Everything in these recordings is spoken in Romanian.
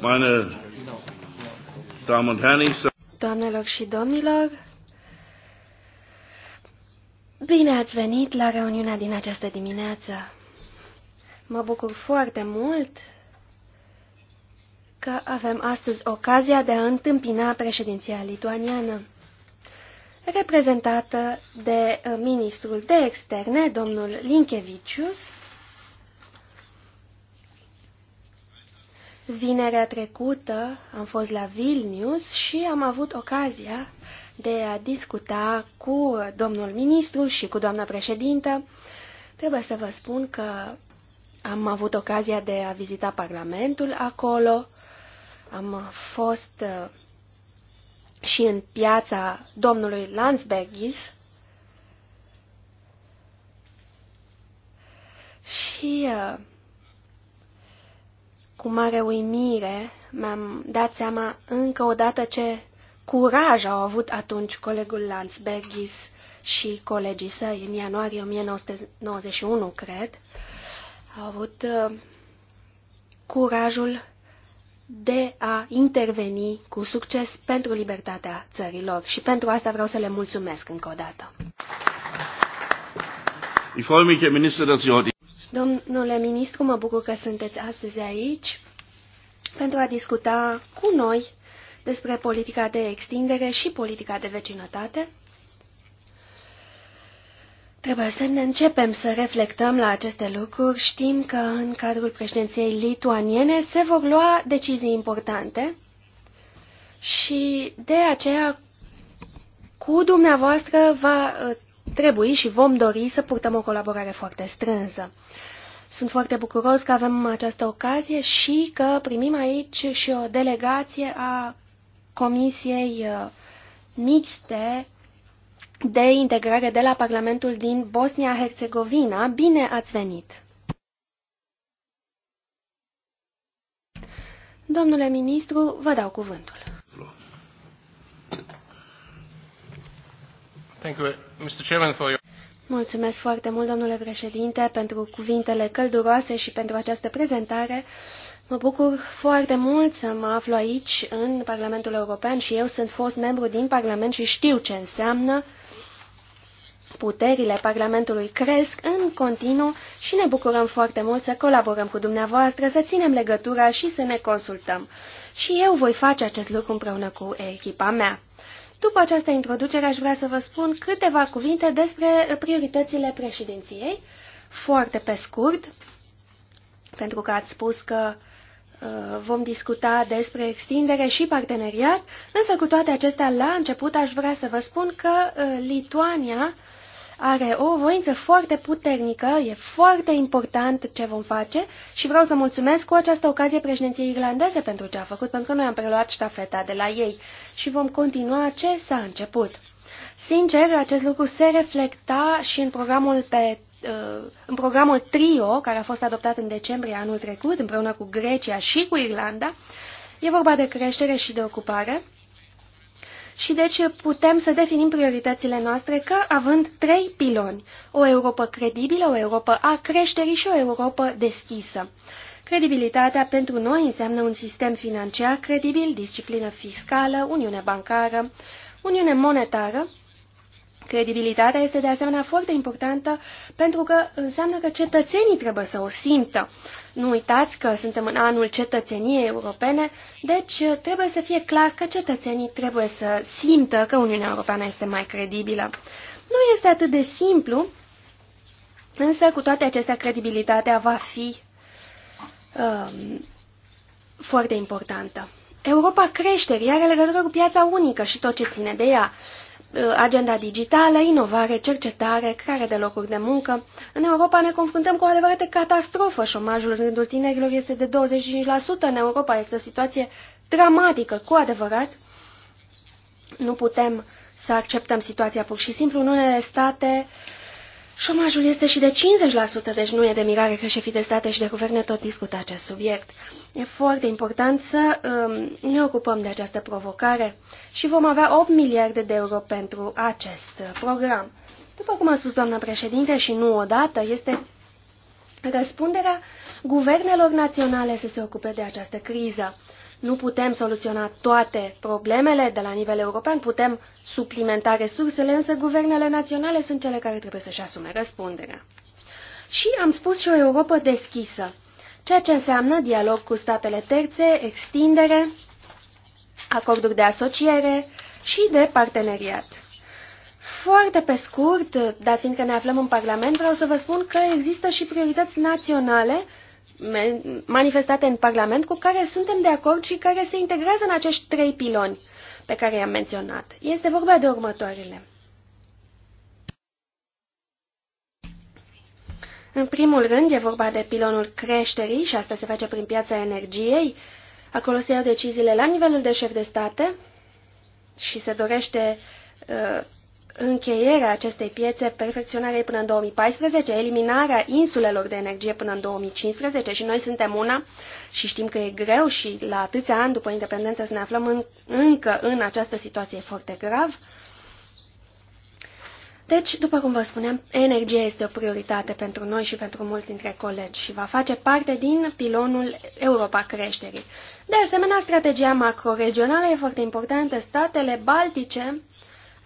meine Damen und Herren, ich Doamnelor și domnilor, bine ați venit la reuniunea din această dimineață. Mă bucur foarte mult că avem astăzi ocazia de a întâmpina președinția lituaniană, reprezentată de ministrul de externe, domnul Linkevicius, Vinerea trecută am fost la Vilnius și am avut ocazia de a discuta cu domnul ministru și cu doamna președintă. Trebuie să vă spun că am avut ocazia de a vizita Parlamentul acolo, am fost uh, și în piața domnului Landsbergis și uh, cu mare uimire mi-am dat seama încă o dată ce curaj au avut atunci colegul Landsbergis și colegii săi în ianuarie 1991, cred. Au avut uh, curajul de a interveni cu succes pentru libertatea țărilor și pentru asta vreau să le mulțumesc încă o dată. Domnule ministru, mă bucur că sunteți astăzi aici pentru a discuta cu noi despre politica de extindere și politica de vecinătate. Trebuie să ne începem să reflectăm la aceste lucruri. Știm că în cadrul președinției lituaniene se vor lua decizii importante și de aceea cu dumneavoastră va trebui și vom dori să purtăm o colaborare foarte strânsă. Sunt foarte bucuros că avem această ocazie și că primim aici și o delegație a Comisiei uh, Mixte de Integrare de la Parlamentul din Bosnia-Herzegovina. Bine ați venit! Domnule ministru, vă dau cuvântul. Thank you, Mr. Chairman, for your... Mulțumesc foarte mult, domnule președinte, pentru cuvintele călduroase și pentru această prezentare. Mă bucur foarte mult să mă aflu aici, în Parlamentul European, și eu sunt fost membru din Parlament și știu ce înseamnă. Puterile Parlamentului cresc în continuu și ne bucurăm foarte mult să colaborăm cu dumneavoastră, să ținem legătura și să ne consultăm. Și eu voi face acest lucru împreună cu echipa mea. După această introducere aș vrea să vă spun câteva cuvinte despre prioritățile președinției, foarte pe scurt, pentru că ați spus că uh, vom discuta despre extindere și parteneriat, însă cu toate acestea, la început aș vrea să vă spun că uh, Lituania are o voință foarte puternică, e foarte important ce vom face și vreau să mulțumesc cu această ocazie președinției irlandeze pentru ce a făcut, pentru că noi am preluat ștafeta de la ei și vom continua ce s-a început. Sincer, acest lucru se reflecta și în programul pe uh, în programul TRIO, care a fost adoptat în decembrie anul trecut, împreună cu Grecia și cu Irlanda, e vorba de creștere și de ocupare, și deci putem să definim prioritățile noastre ca având trei piloni. O Europa credibilă, o Europa a creșterii și o Europa deschisă. Credibilitatea pentru noi înseamnă un sistem financiar credibil, disciplină fiscală, uniune bancară, uniune monetară Credibilitatea este de asemenea foarte importantă pentru că înseamnă că cetățenii trebuie să o simtă. Nu uitați că suntem în anul cetățeniei europene, deci uh, trebuie să fie clar că cetățenii trebuie să simtă că Uniunea Europeană este mai credibilă. Nu este atât de simplu, însă cu toate acestea credibilitatea va fi um, foarte importantă. Europa crește, iar legătură cu piața unică și tot ce ține de ea. Uh, agenda digitală, inovare, cercetare, creare de locuri de muncă. În Europa ne confruntăm cu o adevărată catastrofă. Șomajul în rândul tinerilor este de 25%. În Europa este o situație dramatică, cu adevărat. Nu putem să acceptăm situația pur și simplu. În unele state uh, Șomajul este și de 50%, deci nu e de mirare că șefii de state și de guverne tot discută acest subiect. E foarte important să um, ne ocupăm de această provocare și vom avea 8 miliarde de euro pentru acest uh, program. După cum a spus doamna președinte și nu odată, este răspunderea guvernelor naționale să se ocupe de această criză. Nu putem soluționa toate problemele de la nivel european, putem suplimenta resursele, însă guvernele naționale sunt cele care trebuie să-și asume răspunderea. Și am spus și o Europa deschisă, ceea ce înseamnă dialog cu statele terțe, extindere, acorduri de asociere și de parteneriat. Foarte pe scurt, dat fiindcă ne aflăm în Parlament, vreau să vă spun că există și priorități naționale manifestate în Parlament cu care suntem de acord și care se integrează în acești trei piloni pe care i-am menționat. Este vorba de următoarele. În primul rând, e vorba de pilonul creșterii și asta se face prin piața energiei. Acolo se iau deciziile la nivelul de șef de state și se dorește uh, încheierea acestei piețe, perfecționarea până în 2014, eliminarea insulelor de energie până în 2015 și noi suntem una și știm că e greu și la atâția ani după independență să ne aflăm în, încă în această situație foarte grav. Deci, după cum vă spuneam, energia este o prioritate pentru noi și pentru mulți dintre colegi și va face parte din pilonul Europa Creșterii. De asemenea, strategia macroregională e foarte importantă. Statele Baltice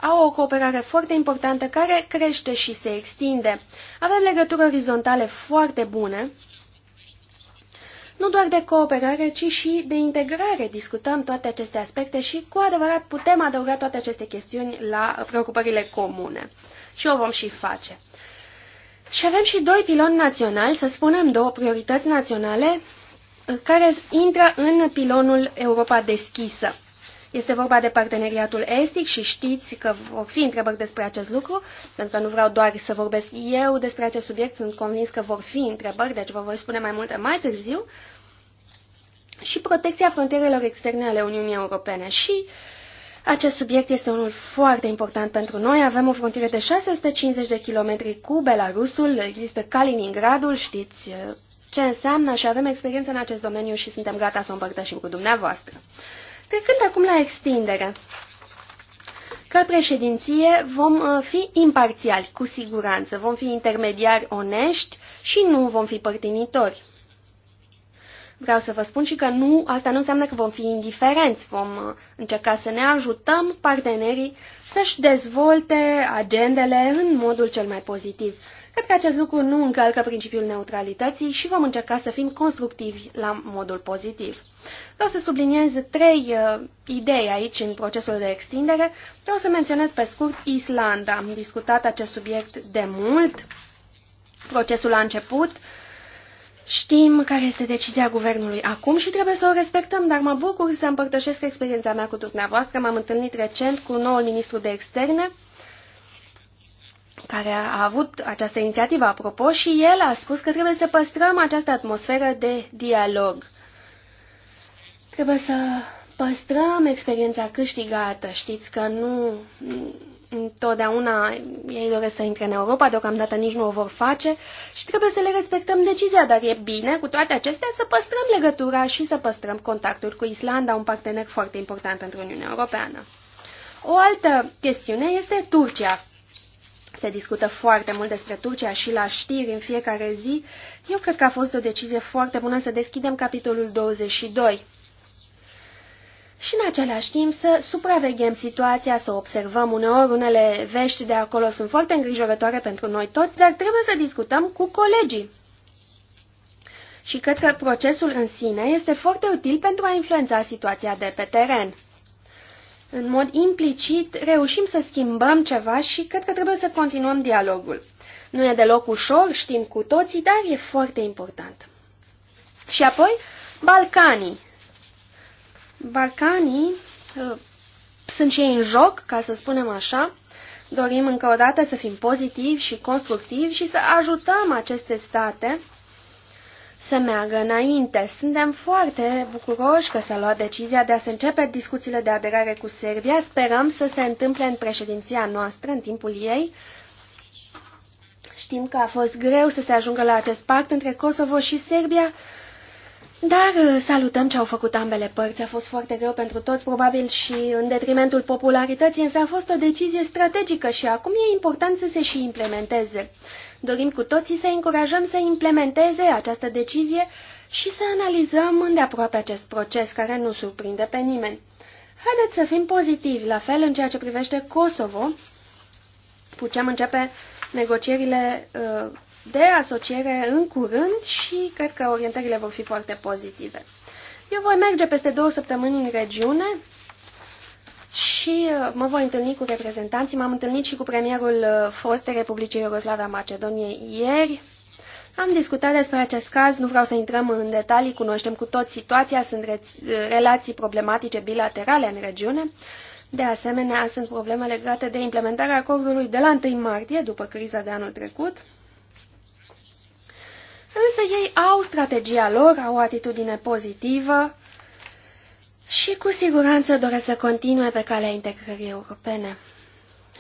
au o cooperare foarte importantă care crește și se extinde. Avem legături orizontale foarte bune, nu doar de cooperare, ci și de integrare. Discutăm toate aceste aspecte și cu adevărat putem adăuga toate aceste chestiuni la preocupările comune. Și o vom și face. Și avem și doi piloni naționali, să spunem două priorități naționale, care intră în pilonul Europa deschisă. Este vorba de parteneriatul estic și știți că vor fi întrebări despre acest lucru, pentru că nu vreau doar să vorbesc eu despre acest subiect, sunt convins că vor fi întrebări, deci vă voi spune mai multe mai târziu. Și protecția frontierelor externe ale Uniunii Europene. Și acest subiect este unul foarte important pentru noi. Avem o frontieră de 650 de kilometri cu Belarusul, există Kaliningradul, știți eh, ce înseamnă și avem experiență în acest domeniu și suntem gata să o împărtășim cu dumneavoastră. Trecând acum la extindere, ca președinție vom uh, fi imparțiali, cu siguranță, vom fi intermediari onești și nu vom fi părtinitori. Vreau să vă spun și că nu, asta nu înseamnă că vom fi indiferenți, vom uh, încerca să ne ajutăm partenerii să-și dezvolte agendele în modul cel mai pozitiv. Cred că acest lucru nu încalcă principiul neutralității și vom încerca să fim constructivi la modul pozitiv. Vreau să subliniez trei uh, idei aici în procesul de extindere. Vreau să menționez pe scurt Islanda. Am discutat acest subiect de mult. Procesul a început. Știm care este decizia guvernului acum și trebuie să o respectăm, dar mă bucur să împărtășesc experiența mea cu dumneavoastră. M-am întâlnit recent cu noul ministru de externe, care a avut această inițiativă, apropo, și el a spus că trebuie să păstrăm această atmosferă de dialog. Uh, Trebuie să păstrăm experiența câștigată. Știți că nu întotdeauna ei doresc să intre în Europa, deocamdată nici nu o vor face și trebuie să le respectăm decizia, dar e bine cu toate acestea să păstrăm legătura și să păstrăm contactul cu Islanda, un partener foarte important pentru Uniunea Europeană. O altă chestiune este Turcia. Se discută foarte mult despre Turcia și la știri în fiecare zi. Eu cred că a fost o decizie foarte bună să deschidem capitolul 22 și în același timp să supraveghem situația, să observăm uneori unele vești de acolo sunt foarte îngrijorătoare pentru noi toți, dar trebuie să discutăm cu colegii. Și cred că procesul în sine este foarte util pentru a influența situația de pe teren. În mod implicit reușim să schimbăm ceva și cred că trebuie să continuăm dialogul. Nu e deloc ușor, știm cu toții, dar e foarte important. Și apoi, Balcanii Balcanii uh, sunt cei în joc, ca să spunem așa. Dorim încă o dată să fim pozitivi și constructivi și să ajutăm aceste state să meargă înainte. Suntem foarte bucuroși că s-a luat decizia de a se începe discuțiile de aderare cu Serbia. Sperăm să se întâmple în președinția noastră, în timpul ei. Știm că a fost greu să se ajungă la acest pact între Kosovo și Serbia, dar uh, salutăm ce au făcut ambele părți. A fost foarte greu pentru toți, probabil și în detrimentul popularității, însă a fost o decizie strategică și acum e important să se și implementeze. Dorim cu toții să încurajăm să implementeze această decizie și să analizăm îndeaproape acest proces care nu surprinde pe nimeni. Haideți să fim pozitivi, la fel în ceea ce privește Kosovo. Putem începe negocierile uh, de asociere în curând și cred că orientările vor fi foarte pozitive. Eu voi merge peste două săptămâni în regiune și uh, mă voi întâlni cu reprezentanții. M-am întâlnit și cu premierul uh, fostei Republicii Iugoslavia Macedoniei ieri. Am discutat despre acest caz, nu vreau să intrăm în detalii, cunoaștem cu toți situația, sunt re uh, relații problematice bilaterale în regiune. De asemenea, sunt probleme legate de implementarea acordului de la 1 martie, după criza de anul trecut. Însă ei au strategia lor, au o atitudine pozitivă și cu siguranță doresc să continue pe calea integrării europene.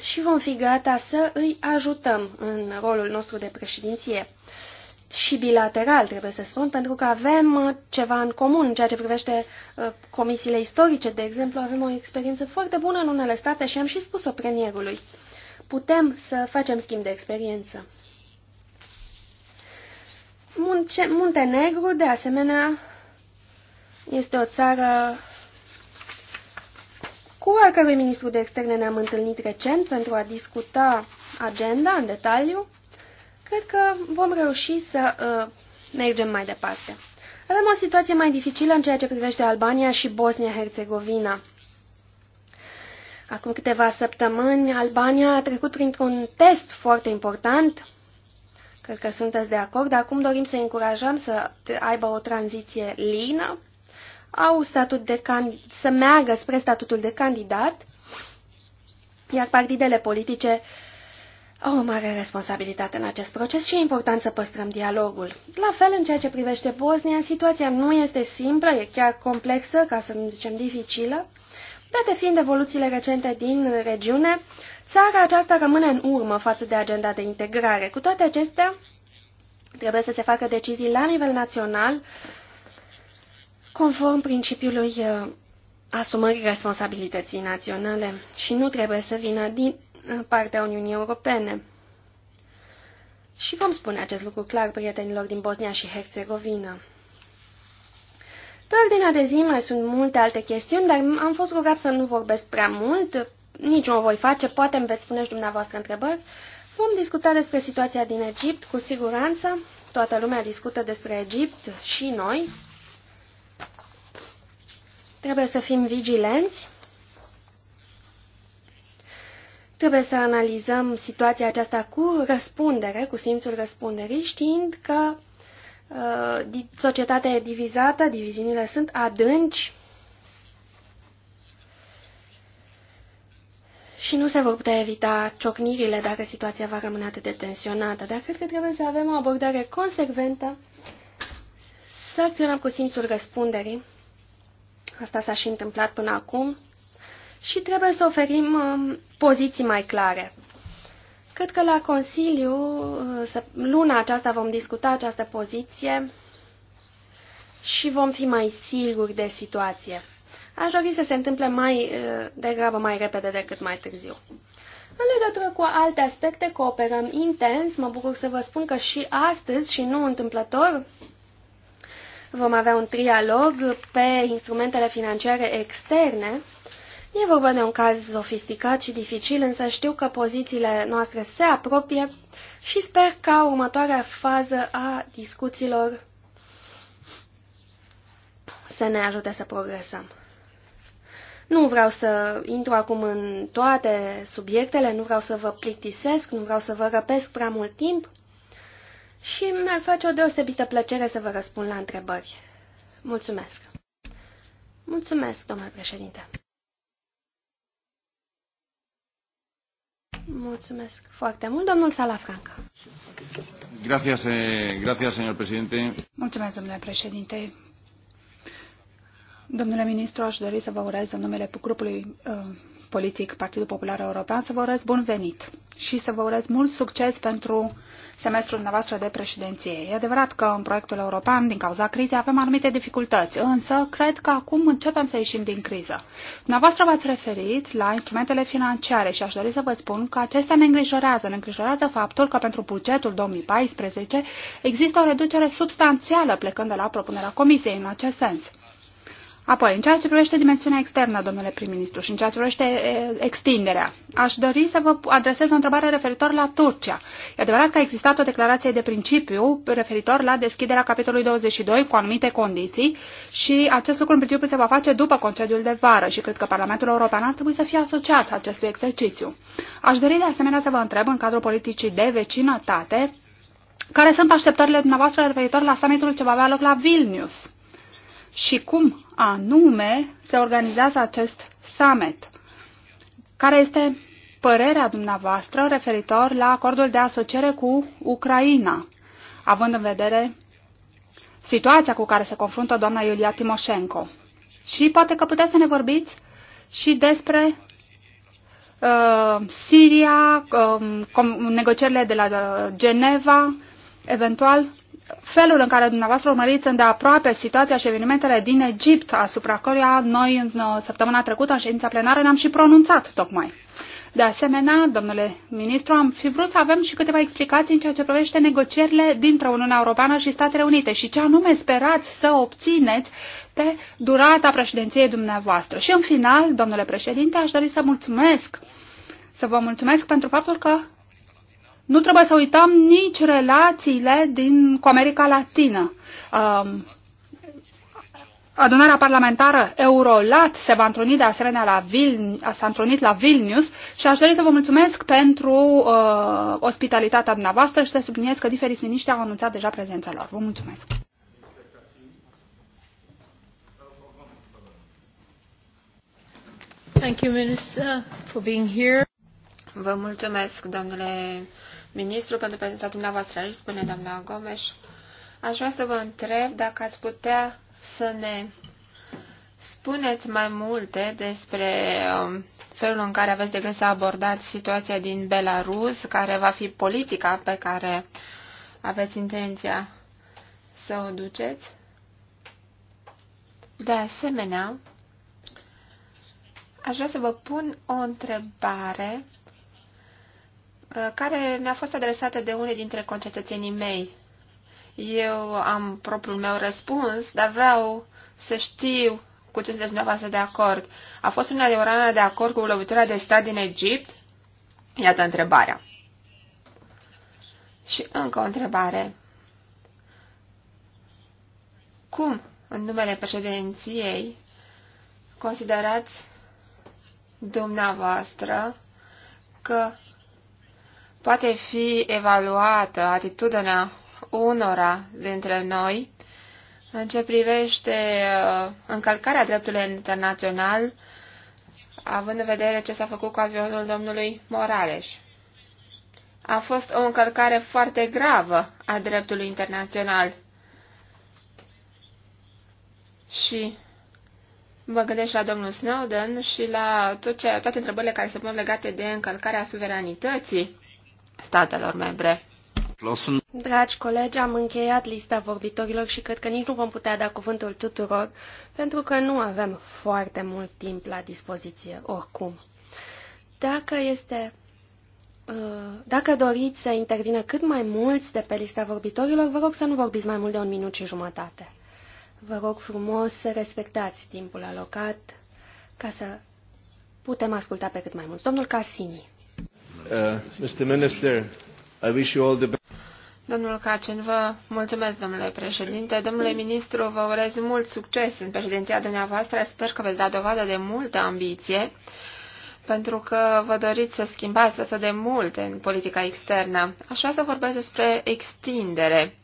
Și vom fi gata să îi ajutăm în rolul nostru de președinție. Și bilateral, trebuie să spun, pentru că avem uh, ceva în comun în ceea ce privește uh, comisiile istorice. De exemplu, avem o experiență foarte bună în unele state și am și spus-o premierului. Putem să facem schimb de experiență. Munce Muntenegru, de asemenea, este o țară cu al cărui ministru de externe ne-am întâlnit recent pentru a discuta agenda în detaliu. Cred că vom reuși să uh, mergem mai departe. Avem o situație mai dificilă în ceea ce privește Albania și Bosnia-Herzegovina. Acum câteva săptămâni, Albania a trecut printr-un test foarte important Cred că sunteți de acord. dar Acum dorim să încurajăm să aibă o tranziție lină, au statut de can să meargă spre statutul de candidat, iar partidele politice au o mare responsabilitate în acest proces și e important să păstrăm dialogul. La fel, în ceea ce privește Bosnia, situația nu este simplă, e chiar complexă, ca să nu zicem dificilă, date fiind evoluțiile recente din regiune, Țara aceasta rămâne în urmă față de agenda de integrare. Cu toate acestea, trebuie să se facă decizii la nivel național conform principiului uh, asumării responsabilității naționale și nu trebuie să vină din uh, partea Uniunii Europene. Și vom spune acest lucru clar prietenilor din Bosnia și Herțegovina. Pe ordinea de zi mai sunt multe alte chestiuni, dar am fost rugat să nu vorbesc prea mult nici nu o voi face, poate îmi veți spune și dumneavoastră întrebări. Vom discuta despre situația din Egipt, cu siguranță. Toată lumea discută despre Egipt și noi. Trebuie să fim vigilenți. Trebuie să analizăm situația aceasta cu răspundere, cu simțul răspunderii, știind că uh, societatea e divizată, diviziunile sunt adânci, și nu se vor putea evita ciocnirile dacă situația va rămâne atât de tensionată, dar cred că trebuie să avem o abordare consecventă, să acționăm cu simțul răspunderii. Asta s-a și întâmplat până acum și trebuie să oferim um, poziții mai clare. Cred că la Consiliu, uh, luna aceasta vom discuta această poziție și vom fi mai siguri de situație. Aș dori să se întâmple mai eh, degrabă mai repede decât mai târziu. În legătură cu alte aspecte, cooperăm intens. Mă bucur să vă spun că și astăzi, și nu întâmplător, vom avea un trialog pe instrumentele financiare externe. E vorba de un caz sofisticat și dificil, însă știu că pozițiile noastre se apropie și sper ca următoarea fază a discuțiilor să ne ajute să progresăm. Nu vreau să intru acum în toate subiectele, nu vreau să vă plictisesc, nu vreau să vă răpesc prea mult timp și mi-ar face o deosebită plăcere să vă răspund la întrebări. Mulțumesc! Mulțumesc, domnule președinte! Mulțumesc foarte mult, domnul Salafranca. Gracias, eh, gracias, señor presidente. Mulțumesc, domnule președinte. Domnule ministru, aș dori să vă urez în numele grupului uh, politic Partidul Popular European să vă urez bun venit și să vă urez mult succes pentru semestrul dumneavoastră de președinție. E adevărat că în proiectul european, din cauza crizei, avem anumite dificultăți, însă cred că acum începem să ieșim din criză. Dumneavoastră v-ați referit la instrumentele financiare și aș dori să vă spun că acestea ne îngrijorează. Ne îngrijorează faptul că pentru bugetul 2014 există o reducere substanțială plecând de la propunerea Comisiei în acest sens. Apoi, în ceea ce privește dimensiunea externă, domnule prim-ministru, și în ceea ce privește extinderea, aș dori să vă adresez o întrebare referitor la Turcia. E adevărat că a existat o declarație de principiu referitor la deschiderea capitolului 22 cu anumite condiții și acest lucru în principiu se va face după concediul de vară și cred că Parlamentul European ar trebui să fie asociat acestui exercițiu. Aș dori de asemenea să vă întreb în cadrul politicii de vecinătate care sunt așteptările dumneavoastră referitor la summitul ce va avea loc la Vilnius și cum anume se organizează acest summit. Care este părerea dumneavoastră referitor la acordul de asociere cu Ucraina, având în vedere situația cu care se confruntă doamna Iulia Timoșenko? Și poate că puteți să ne vorbiți și despre uh, Siria, uh, negocierile de la Geneva, eventual felul în care dumneavoastră urmăriți îndeaproape situația și evenimentele din Egipt, asupra căruia noi în uh, săptămâna trecută, în ședința plenară, ne-am și pronunțat tocmai. De asemenea, domnule ministru, am fi vrut să avem și câteva explicații în ceea ce privește negocierile dintre Uniunea Europeană și Statele Unite și ce anume sperați să obțineți pe durata președinției dumneavoastră. Și în final, domnule președinte, aș dori să mulțumesc, să vă mulțumesc pentru faptul că nu trebuie să uităm nici relațiile din, cu America Latină. Um, Adunarea parlamentară Eurolat se va întruni de asemenea la, Vilni, s-a la Vilnius și aș dori să vă mulțumesc pentru uh, ospitalitatea dumneavoastră și să subliniez că diferiți miniști au anunțat deja prezența lor. Vă mulțumesc! Thank you, Minister, for being here. Vă mulțumesc, domnule ministru, pentru prezența dumneavoastră aici, spune doamna Gomes. Aș vrea să vă întreb dacă ați putea să ne spuneți mai multe despre um, felul în care aveți de gând să abordați situația din Belarus, care va fi politica pe care aveți intenția să o duceți. De asemenea, aș vrea să vă pun o întrebare Uh, care mi-a fost adresată de unii dintre concetățenii mei. Eu am propriul meu răspuns, dar vreau să știu cu ce sunteți dumneavoastră de acord. A fost una de de acord cu lovitura de stat din Egipt? Iată întrebarea. Și încă o întrebare. Cum, în numele președinției, considerați dumneavoastră că poate fi evaluată atitudinea unora dintre noi în ce privește uh, încălcarea dreptului internațional, având în vedere ce s-a făcut cu avionul domnului Morales. A fost o încălcare foarte gravă a dreptului internațional. Și mă gândesc și la domnul Snowden și la tot ce, toate întrebările care se pun legate de încălcarea suveranității statelor membre. Dragi colegi, am încheiat lista vorbitorilor și cred că nici nu vom putea da cuvântul tuturor, pentru că nu avem foarte mult timp la dispoziție, oricum. Dacă este... Uh, dacă doriți să intervină cât mai mulți de pe lista vorbitorilor, vă rog să nu vorbiți mai mult de un minut și jumătate. Vă rog frumos să respectați timpul alocat ca să putem asculta pe cât mai mulți. Domnul Casini. Uh, Mr. Minister, I wish you all the best. Domnul Cacen, vă mulțumesc, domnule președinte. Domnule ministru, vă urez mult succes în președinția dumneavoastră. Sper că veți da dovadă de multă ambiție, pentru că vă doriți să schimbați atât de mult în politica externă. Aș vrea să vorbesc despre extindere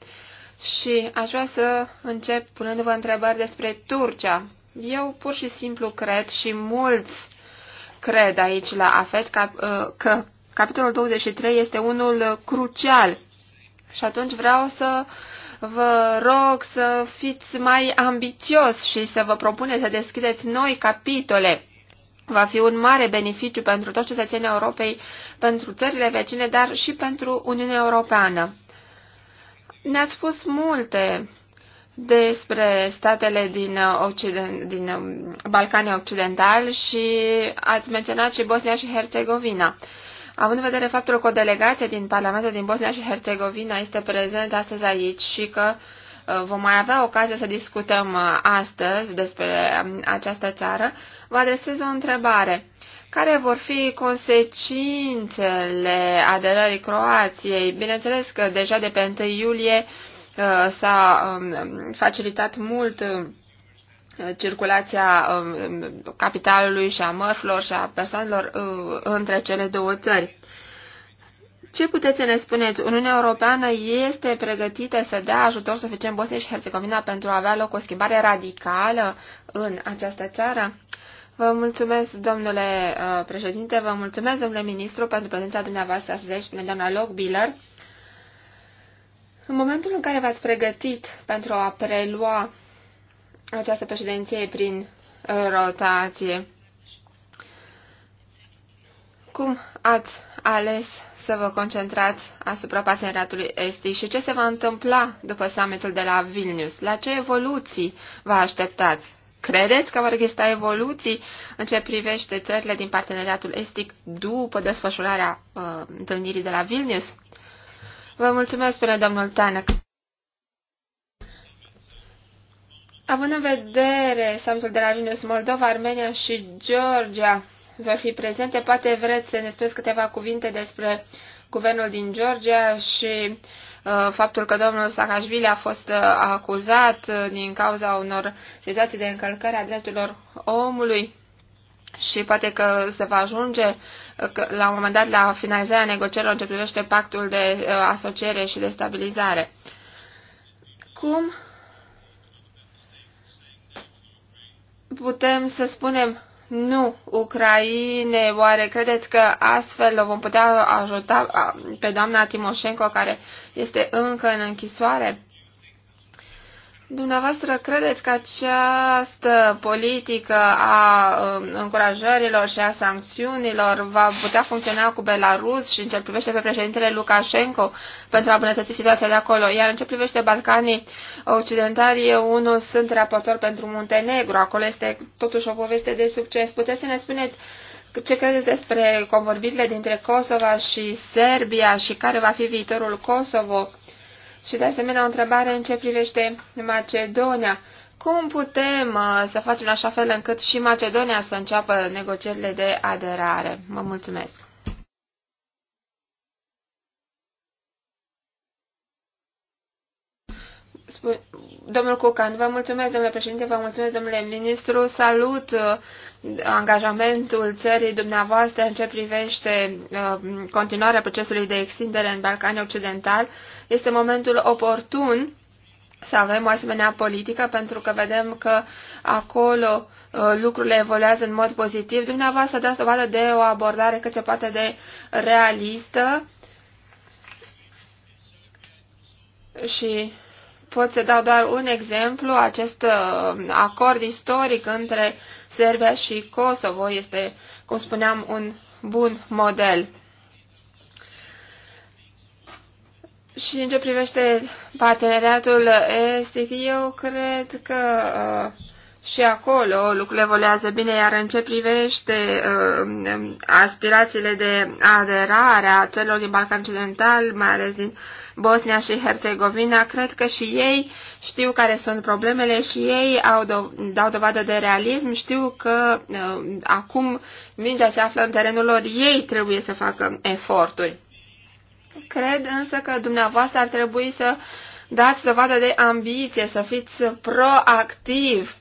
și aș vrea să încep punându-vă întrebări despre Turcia. Eu pur și simplu cred și mulți cred aici la AFET uh, că, că capitolul 23 este unul crucial și atunci vreau să vă rog să fiți mai ambițios și să vă propuneți să deschideți noi capitole. Va fi un mare beneficiu pentru toți cetățenii Europei, pentru țările vecine, dar și pentru Uniunea Europeană. Ne-ați spus multe despre statele din, Occident, din Balcanii Occidentali și ați menționat și Bosnia și Herțegovina. Având în vedere faptul că o delegație din Parlamentul din Bosnia și Herțegovina este prezentă astăzi aici și că uh, vom mai avea ocazia să discutăm uh, astăzi despre um, această țară, vă adresez o întrebare. Care vor fi consecințele aderării Croației? Bineînțeles că deja de pe 1 iulie uh, s-a um, facilitat mult circulația um, um, capitalului și a mărfilor și a persoanelor uh, între cele două țări. Ce puteți să ne spuneți? Uniunea Europeană este pregătită să dea ajutor suficient Bosnia și Herzegovina pentru a avea loc o schimbare radicală în această țară? Vă mulțumesc, domnule uh, președinte, vă mulțumesc, domnule ministru, pentru prezența dumneavoastră astăzi, spune doamna Lockbiller. În momentul în care v-ați pregătit pentru a prelua această președinție prin uh, rotație. Cum ați ales să vă concentrați asupra parteneriatului estic și ce se va întâmpla după summitul de la Vilnius? La ce evoluții vă așteptați? Credeți că vor exista evoluții în ce privește țările din parteneriatul estic după desfășurarea uh, întâlnirii de la Vilnius? Vă mulțumesc, spune domnul Tanăc. Având în vedere summitul de la Vilnius, Moldova, Armenia și Georgia vor fi prezente, poate vreți să ne spuneți câteva cuvinte despre guvernul din Georgia și uh, faptul că domnul Saakashvili a fost uh, acuzat uh, din cauza unor situații de încălcare a drepturilor omului și poate că se va ajunge uh, la un moment dat la finalizarea negocierilor ce privește pactul de uh, asociere și de stabilizare. Cum putem să spunem nu Ucraine, oare credeți că astfel o vom putea ajuta pe doamna Timoșenko care este încă în închisoare? Dumneavoastră credeți că această politică a um, încurajărilor și a sancțiunilor va putea funcționa cu Belarus și în ce privește pe președintele Lukashenko pentru a îmbunătăți situația de acolo? Iar în ce privește Balcanii Occidentali, eu unul sunt raportor pentru Muntenegru. Acolo este totuși o poveste de succes. Puteți să ne spuneți ce credeți despre convorbirile dintre Kosova și Serbia și care va fi viitorul Kosovo? Și de asemenea o întrebare în ce privește Macedonia. Cum putem uh, să facem așa fel încât și Macedonia să înceapă negocierile de aderare? Vă mulțumesc! domnul Cucan, vă mulțumesc, domnule președinte, vă mulțumesc, domnule ministru. Salut uh, angajamentul țării dumneavoastră în ce privește uh, continuarea procesului de extindere în Balcanii Occidentali este momentul oportun să avem o asemenea politică, pentru că vedem că acolo uh, lucrurile evoluează în mod pozitiv. Dumneavoastră dați dovadă de o abordare cât se poate de realistă și pot să dau doar un exemplu. Acest uh, acord istoric între Serbia și Kosovo este, cum spuneam, un bun model. Și în ce privește parteneriatul STV, eu cred că uh, și acolo lucrurile volează bine, iar în ce privește uh, um, aspirațiile de aderare a țărilor din Balcan Occidental, mai ales din Bosnia și Herțegovina, cred că și ei știu care sunt problemele și ei au do- dau dovadă de realism, știu că uh, acum mingea se află în terenul lor, ei trebuie să facă eforturi. Cred însă că dumneavoastră ar trebui să dați dovadă de ambiție, să fiți proactiv.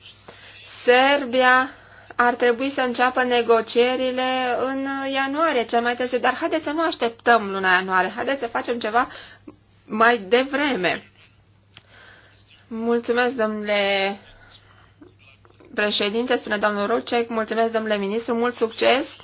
Serbia ar trebui să înceapă negocierile în ianuarie, cel mai târziu, dar haideți să nu așteptăm luna ianuarie, haideți să facem ceva mai devreme. Mulțumesc, domnule președinte, spune domnul Rucec, mulțumesc, domnule ministru, mult succes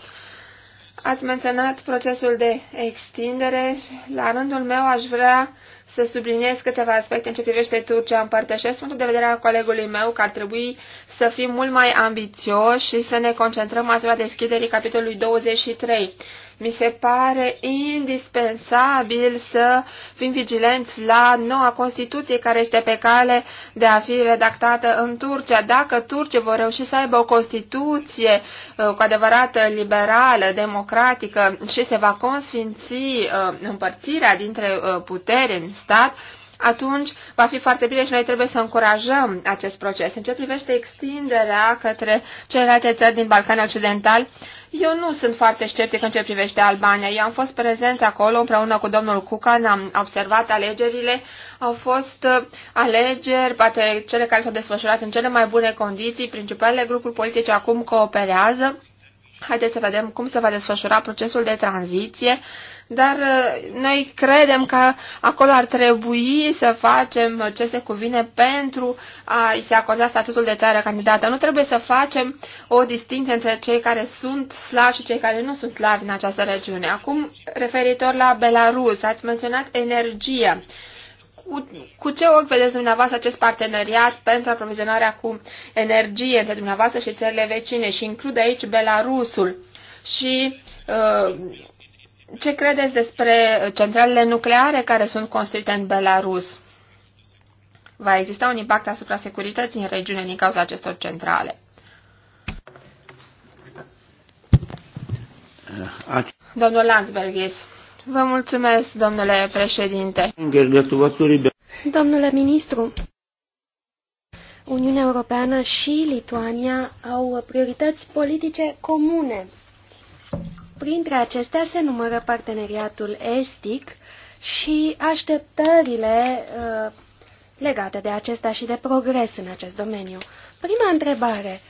Ați menționat procesul de extindere. La rândul meu aș vrea să subliniez câteva aspecte în ce privește Turcia. Împărtășesc punctul de vedere al colegului meu că ar trebui să fim mult mai ambițioși și să ne concentrăm asupra deschiderii capitolului 23. Mi se pare indispensabil să fim vigilenți la noua Constituție care este pe cale de a fi redactată în Turcia. Dacă Turcia vor reuși să aibă o Constituție uh, cu adevărat liberală, democratică și se va consfinți uh, împărțirea dintre uh, puteri în stat, atunci va fi foarte bine și noi trebuie să încurajăm acest proces. În ce privește extinderea către celelalte țări din Balcanii Occidental, eu nu sunt foarte sceptic în ce privește Albania. Eu am fost prezent acolo împreună cu domnul Cucan, am observat alegerile. Au fost uh, alegeri, poate cele care s-au desfășurat în cele mai bune condiții. Principalele grupuri politice acum cooperează. Haideți să vedem cum se va desfășura procesul de tranziție dar uh, noi credem că acolo ar trebui să facem ce se cuvine pentru a-i se acorda statutul de țară candidată. Nu trebuie să facem o distinție între cei care sunt slavi și cei care nu sunt slavi în această regiune. Acum, referitor la Belarus, ați menționat energia. Cu, cu ce ochi vedeți dumneavoastră acest parteneriat pentru aprovizionarea cu energie între dumneavoastră și țările vecine și include aici Belarusul? Și uh, ce credeți despre centralele nucleare care sunt construite în Belarus? Va exista un impact asupra securității în regiune din cauza acestor centrale? Domnul Landsbergis, vă mulțumesc, domnule președinte. Domnule ministru, Uniunea Europeană și Lituania au priorități politice comune Printre acestea se numără parteneriatul estic și așteptările uh, legate de acesta și de progres în acest domeniu. Prima întrebare.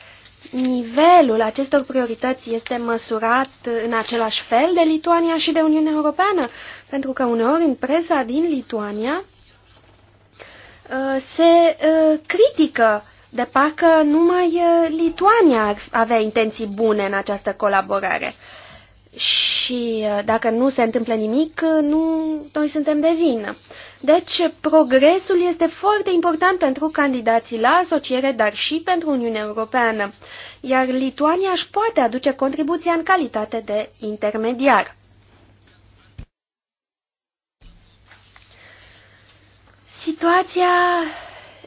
Nivelul acestor priorități este măsurat în același fel de Lituania și de Uniunea Europeană? Pentru că uneori în presa din Lituania uh, se uh, critică de parcă numai uh, Lituania avea intenții bune în această colaborare și uh, dacă nu se întâmplă nimic, uh, nu, noi suntem de vină. Deci, progresul este foarte important pentru candidații la asociere, dar și pentru Uniunea Europeană, iar Lituania își poate aduce contribuția în calitate de intermediar. Situația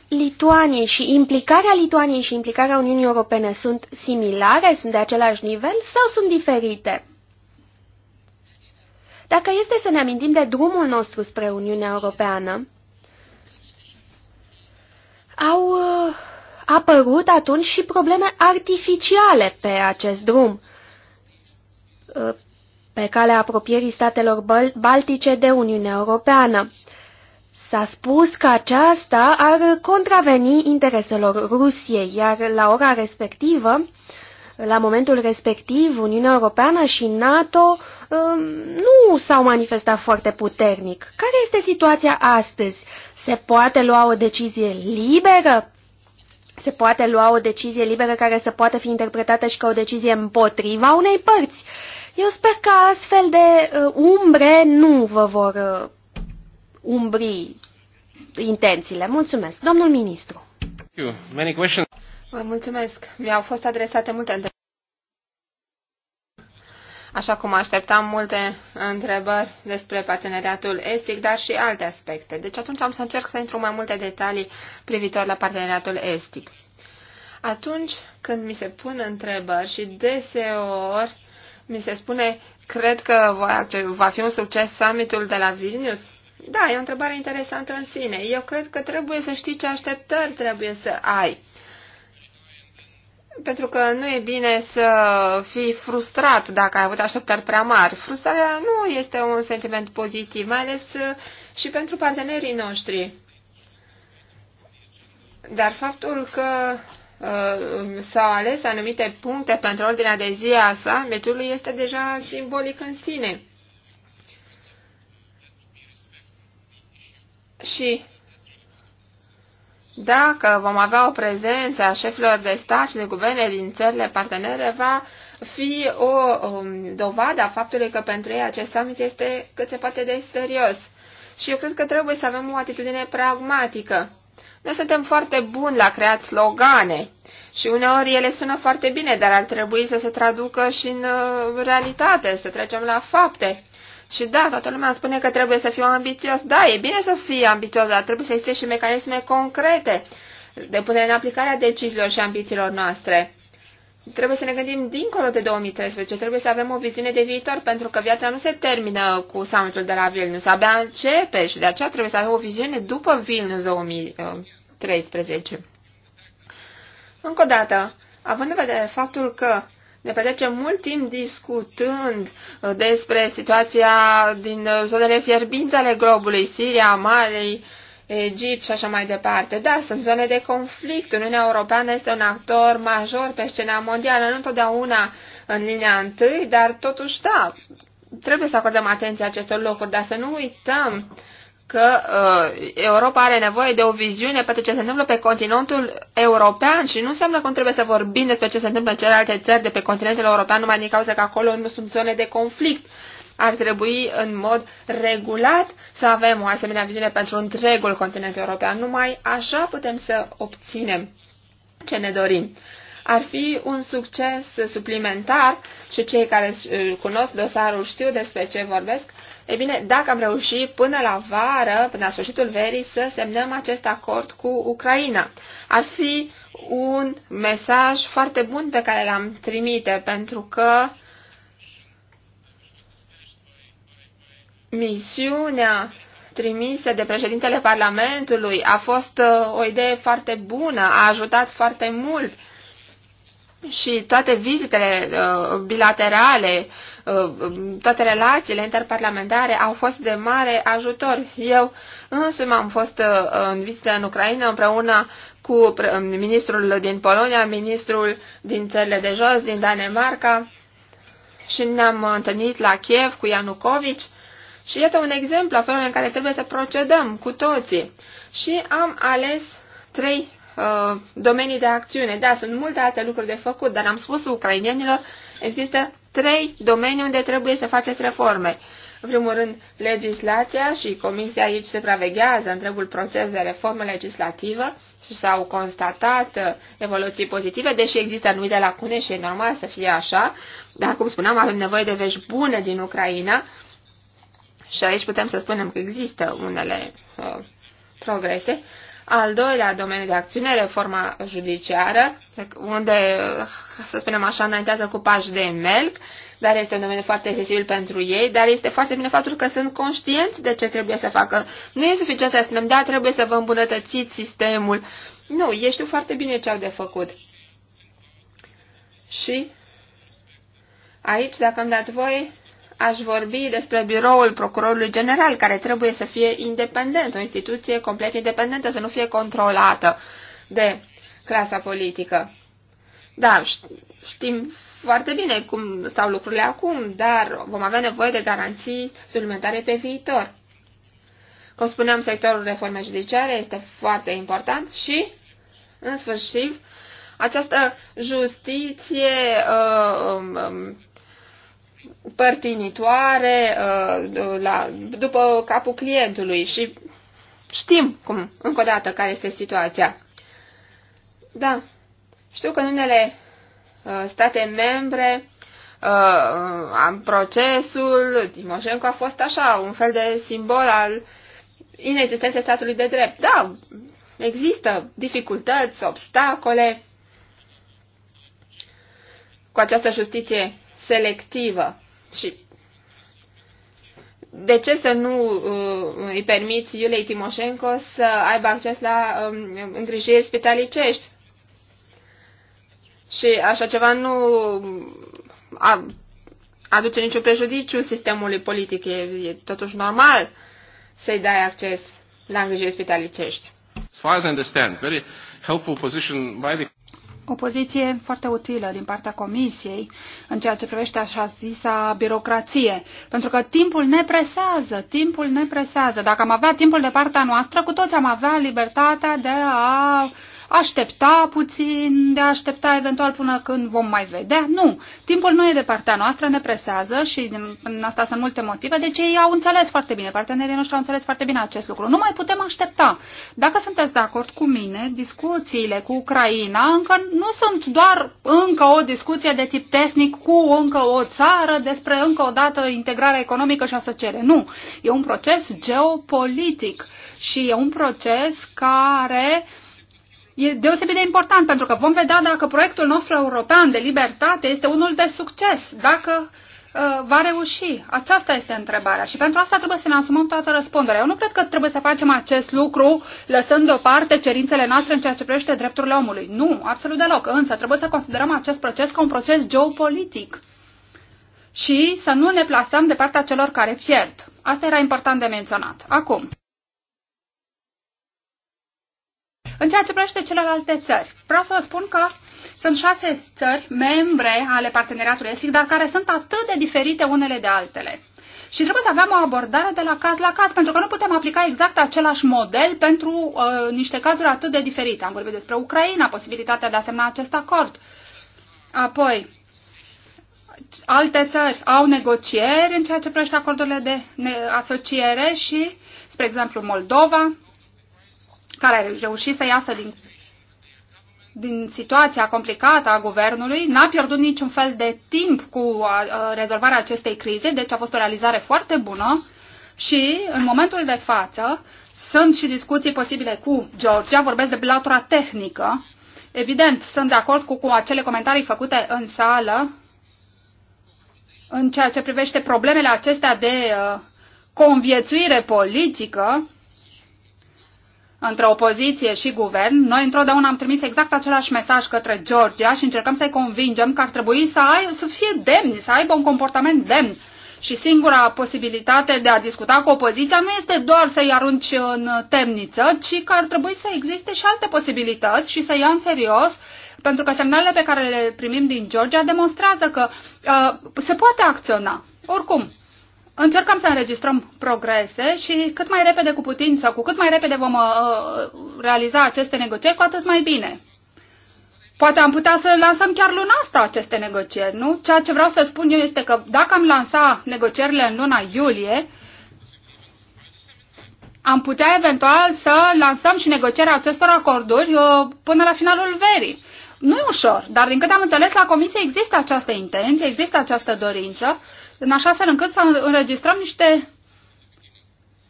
Lituaniei și implicarea Lituaniei și implicarea Uniunii Europene sunt similare, sunt de același nivel sau sunt diferite? Dacă este să ne amintim de drumul nostru spre Uniunea Europeană, au uh, apărut atunci și probleme artificiale pe acest drum, uh, pe calea apropierii statelor baltice de Uniunea Europeană. S-a spus că aceasta ar contraveni intereselor Rusiei, iar la ora respectivă, la momentul respectiv, Uniunea Europeană și NATO um, nu s-au manifestat foarte puternic. Care este situația astăzi? Se poate lua o decizie liberă? Se poate lua o decizie liberă care să poată fi interpretată și ca o decizie împotriva unei părți? Eu sper că astfel de uh, umbre nu vă vor uh, umbri intențiile. Mulțumesc. Domnul ministru. Vă mulțumesc. Mi-au fost adresate multe întrebări. Așa cum așteptam multe întrebări despre parteneriatul estic, dar și alte aspecte. Deci atunci am să încerc să intru mai multe detalii privitor la parteneriatul estic. Atunci când mi se pun întrebări și deseori mi se spune, cred că va fi un succes summitul de la Vilnius? Da, e o întrebare interesantă în sine. Eu cred că trebuie să știi ce așteptări trebuie să ai. Pentru că nu e bine să fii frustrat dacă ai avut așteptări prea mari. Frustrarea nu este un sentiment pozitiv, mai ales uh, și pentru partenerii noștri. Dar faptul că uh, s-au ales anumite puncte pentru ordinea de zi a summitului este deja simbolic în sine. Și dacă vom avea o prezență a șefilor de stat și de guverne din țările partenere, va fi o um, dovadă a faptului că pentru ei acest summit este cât se poate de serios. Și eu cred că trebuie să avem o atitudine pragmatică. Noi suntem foarte buni la creat slogane și uneori ele sună foarte bine, dar ar trebui să se traducă și în uh, realitate, să trecem la fapte. Și da, toată lumea spune că trebuie să fiu ambițios. Da, e bine să fii ambițios, dar trebuie să existe și mecanisme concrete de punere în aplicare a deciziilor și ambițiilor noastre. Trebuie să ne gândim dincolo de 2013, trebuie să avem o viziune de viitor, pentru că viața nu se termină cu summitul de la Vilnius, abia începe și de aceea trebuie să avem o viziune după Vilnius 2013. Încă o dată, având în vedere faptul că ne petrecem mult timp discutând uh, despre situația din uh, zonele fierbinți ale globului, Siria, Marei, Egipt și așa mai departe. Da, sunt zone de conflict. Uniunea Europeană este un actor major pe scena mondială, nu întotdeauna în linia întâi, dar totuși da, trebuie să acordăm atenție acestor locuri, dar să nu uităm uh, că uh, Europa are nevoie de o viziune pentru ce se întâmplă pe continentul european și nu înseamnă că nu trebuie să vorbim despre ce se întâmplă în celelalte țări de pe continentul european numai din cauza că acolo nu sunt zone de conflict. Ar trebui în mod regulat să avem o asemenea viziune pentru întregul continent european. Numai așa putem să obținem ce ne dorim. Ar fi un succes suplimentar și cei care cunosc dosarul știu despre ce vorbesc, E bine, dacă am reușit până la vară, până la sfârșitul verii, să semnăm acest acord cu Ucraina, ar fi un mesaj foarte bun pe care l-am trimite, pentru că misiunea trimisă de președintele Parlamentului a fost uh, o idee foarte bună, a ajutat foarte mult și toate vizitele uh, bilaterale Uh, toate relațiile interparlamentare au fost de mare ajutor. Eu însumi am fost uh, în vizită în Ucraina împreună cu ministrul din Polonia, ministrul din țările de jos, din Danemarca și ne-am întâlnit la Kiev cu Ianucovici și iată un exemplu a felului în care trebuie să procedăm cu toții. Și am ales trei Uh, domenii de acțiune. Da, sunt multe alte lucruri de făcut, dar am spus ucrainienilor, există trei domenii unde trebuie să faceți reforme. În primul rând, legislația și comisia aici supraveghează întregul proces de reformă legislativă și s-au constatat uh, evoluții pozitive, deși există anumite lacune și e normal să fie așa, dar cum spuneam, avem nevoie de vești bune din Ucraina și aici putem să spunem că există unele uh, progrese. Al doilea domeniu de acțiune, reforma judiciară, unde, să spunem așa, înaintează cu pași de melc, dar este un domeniu foarte sensibil pentru ei, dar este foarte bine faptul că sunt conștienți de ce trebuie să facă. Nu e suficient să spunem, da, trebuie să vă îmbunătățiți sistemul. Nu, ei știu foarte bine ce au de făcut. Și aici, dacă îmi dat voi, aș vorbi despre biroul procurorului general, care trebuie să fie independent, o instituție complet independentă, să nu fie controlată de clasa politică. Da, știm foarte bine cum stau lucrurile acum, dar vom avea nevoie de garanții suplimentare pe viitor. Cum spuneam, sectorul reforme judiciare este foarte important și, în sfârșit, această justiție uh, um, părtinitoare uh, uh, la, după capul clientului și știm cum, încă o dată, care este situația. Da, știu că în unele uh, state membre am procesul, Timoșenko a fost așa, un fel de simbol al inexistenței statului de drept. Da, există dificultăți, obstacole cu această justiție selectivă și de ce să nu uh, îi permiți Iulei Timoșenko să aibă acces la uh, îngrijiri spitalicești? Și așa ceva nu um, a, aduce niciun prejudiciu sistemului politic. E, e totuși normal să-i dai acces la îngrijiri spitalicești. As far as I understand, very helpful position by the o poziție foarte utilă din partea Comisiei în ceea ce privește așa zisa birocrație. Pentru că timpul ne presează, timpul ne presează. Dacă am avea timpul de partea noastră, cu toți am avea libertatea de a uh, aștepta puțin, de a aștepta eventual până când vom mai vedea. Nu, timpul nu e de partea noastră, ne presează și din, asta sunt multe motive, deci ei au înțeles foarte bine, partenerii noștri au înțeles foarte bine acest lucru. Nu mai putem aștepta. Dacă sunteți de acord cu mine, discuțiile cu Ucraina încă nu sunt doar încă o discuție de tip tehnic cu încă o țară despre încă o dată integrarea economică și asociere. Nu, e un proces geopolitic și e un proces care e deosebit de important pentru că vom vedea dacă proiectul nostru european de libertate este unul de succes, dacă uh, va reuși. Aceasta este întrebarea și pentru asta trebuie să ne asumăm toată răspunderea. Eu nu cred că trebuie să facem acest lucru lăsând deoparte cerințele noastre în ceea ce privește drepturile omului. Nu, absolut deloc. Însă trebuie să considerăm acest proces ca un proces geopolitic și să nu ne plasăm de partea celor care pierd. Asta era important de menționat. Acum. În ceea ce privește celelalte țări, vreau să vă spun că sunt șase țări membre ale parteneriatului ESIC, dar care sunt atât de diferite unele de altele. Și trebuie să avem o abordare de la caz la caz, pentru că nu putem aplica exact același model pentru uh, niște cazuri atât de diferite. Am vorbit despre Ucraina, posibilitatea de a semna acest acord. Apoi, alte țări au negocieri în ceea ce privește acordurile de asociere și, spre exemplu, Moldova care a reușit să iasă din, din situația complicată a guvernului, n-a pierdut niciun fel de timp cu a, a, rezolvarea acestei crize, deci a fost o realizare foarte bună și în momentul de față sunt și discuții posibile cu Georgia, vorbesc de latura tehnică. Evident, sunt de acord cu, cu acele comentarii făcute în sală în ceea ce privește problemele acestea de uh, conviețuire politică, între opoziție și guvern, noi întotdeauna am trimis exact același mesaj către Georgia și încercăm să-i convingem că ar trebui să, ai, să fie demni, să aibă un comportament demn. Și singura posibilitate de a discuta cu opoziția nu este doar să-i arunci în temniță, ci că ar trebui să existe și alte posibilități și să ia în serios, pentru că semnalele pe care le primim din Georgia demonstrează că uh, se poate acționa. Oricum, încercăm să înregistrăm progrese și cât mai repede cu putință, cu cât mai repede vom uh, uh, realiza aceste negocieri, cu atât mai bine. Poate am putea să lansăm chiar luna asta aceste negocieri, nu? Ceea ce vreau să spun eu este că dacă am lansa negocierile în luna iulie, am putea eventual să lansăm și negocierea acestor acorduri uh, până la finalul verii. Nu e ușor, dar din câte am înțeles, la Comisie există această intenție, există această dorință în așa fel încât să înregistrăm niște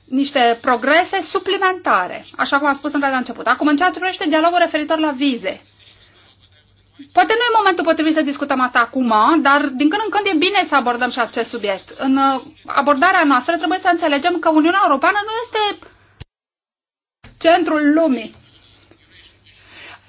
niște progrese suplimentare, așa cum am spus încă de la început. Acum, în ceea ce privește dialogul referitor la vize, poate nu e momentul potrivit să discutăm asta acum, dar din când în când e bine să abordăm și acest subiect. În uh, abordarea noastră trebuie să înțelegem că Uniunea Europeană nu este centrul lumii.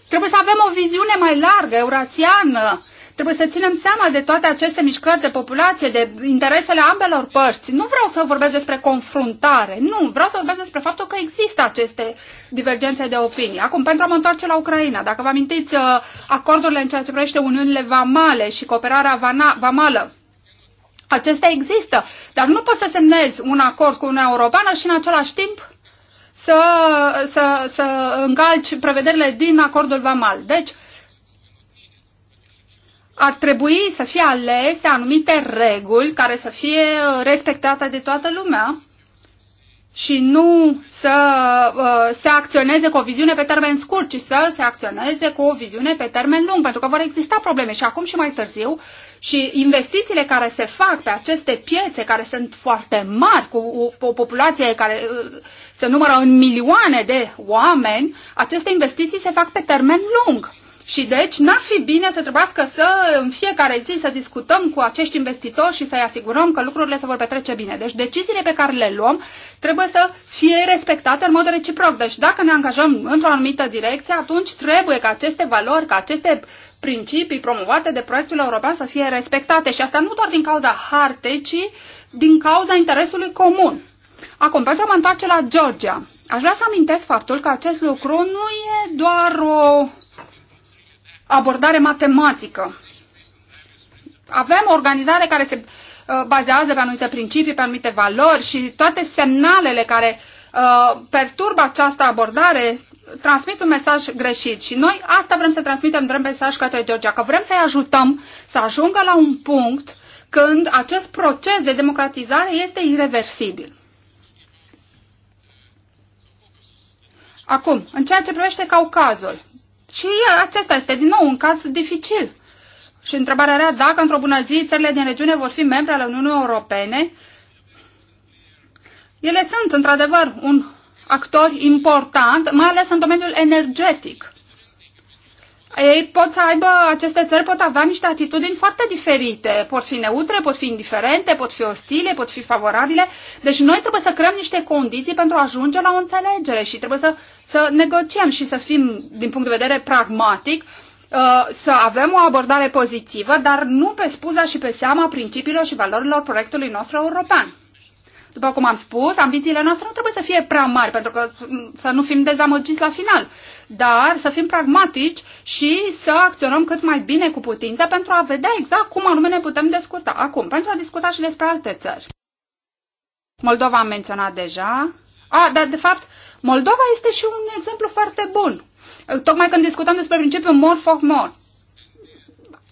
Trebuie să avem o viziune mai largă, eurațiană, uh, Trebuie să ținem seama de toate aceste mișcări de populație, de interesele ambelor părți. Nu vreau să vorbesc despre confruntare, nu, vreau să vorbesc despre faptul că există aceste divergențe de opinie. Acum, pentru a mă întoarce la Ucraina, dacă vă amintiți uh, acordurile în ceea ce privește Uniunile Vamale și cooperarea vamală, Acestea există, dar nu poți să semnezi un acord cu Uniunea Europeană și în același timp să, să, să încalci prevederile din acordul VAMAL. Deci, ar trebui să fie alese anumite reguli care să fie uh, respectate de toată lumea și nu să uh, se acționeze cu o viziune pe termen scurt, ci să se acționeze cu o viziune pe termen lung, pentru că vor exista probleme și acum și mai târziu. Și investițiile care se fac pe aceste piețe, care sunt foarte mari, cu o populație care uh, se numără în milioane de oameni, aceste investiții se fac pe termen lung. Și deci n-ar fi bine să trebuiască să în fiecare zi să discutăm cu acești investitori și să-i asigurăm că lucrurile se vor petrece bine. Deci deciziile pe care le luăm trebuie să fie respectate în mod reciproc. Deci dacă ne angajăm într-o anumită direcție, atunci trebuie ca aceste valori, ca aceste principii promovate de proiectul european să fie respectate. Și asta nu doar din cauza hartei, ci din cauza interesului comun. Acum, pentru a mă întoarce la Georgia, aș vrea să amintesc faptul că acest lucru nu e doar o abordare matematică. Avem o organizare care se uh, bazează pe anumite principii, pe anumite valori și toate semnalele care uh, perturbă această abordare transmit un mesaj greșit și noi asta vrem să transmitem drept mesaj către Georgia, că vrem să-i ajutăm să ajungă la un punct când acest proces de democratizare este irreversibil. Acum, în ceea ce privește Caucazul, și acesta este din nou un caz dificil. Și întrebarea era dacă într-o bună zi țările din regiune vor fi membre ale Uniunii Europene. Ele sunt, într-adevăr, un actor important, mai ales în domeniul energetic ei pot să aibă, aceste țări pot avea niște atitudini foarte diferite. Pot fi neutre, pot fi indiferente, pot fi ostile, pot fi favorabile. Deci noi trebuie să creăm niște condiții pentru a ajunge la o înțelegere și trebuie să, să negociem și să fim, din punct de vedere pragmatic, uh, să avem o abordare pozitivă, dar nu pe spuza și pe seama principiilor și valorilor proiectului nostru european. După cum am spus, ambițiile noastre nu trebuie să fie prea mari, pentru că să nu fim dezamăgiți la final, dar să fim pragmatici și să acționăm cât mai bine cu putință pentru a vedea exact cum anume ne putem descurta. Acum, pentru a discuta și despre alte țări. Moldova am menționat deja. A, dar de fapt, Moldova este și un exemplu foarte bun. Tocmai când discutăm despre principiul more for more.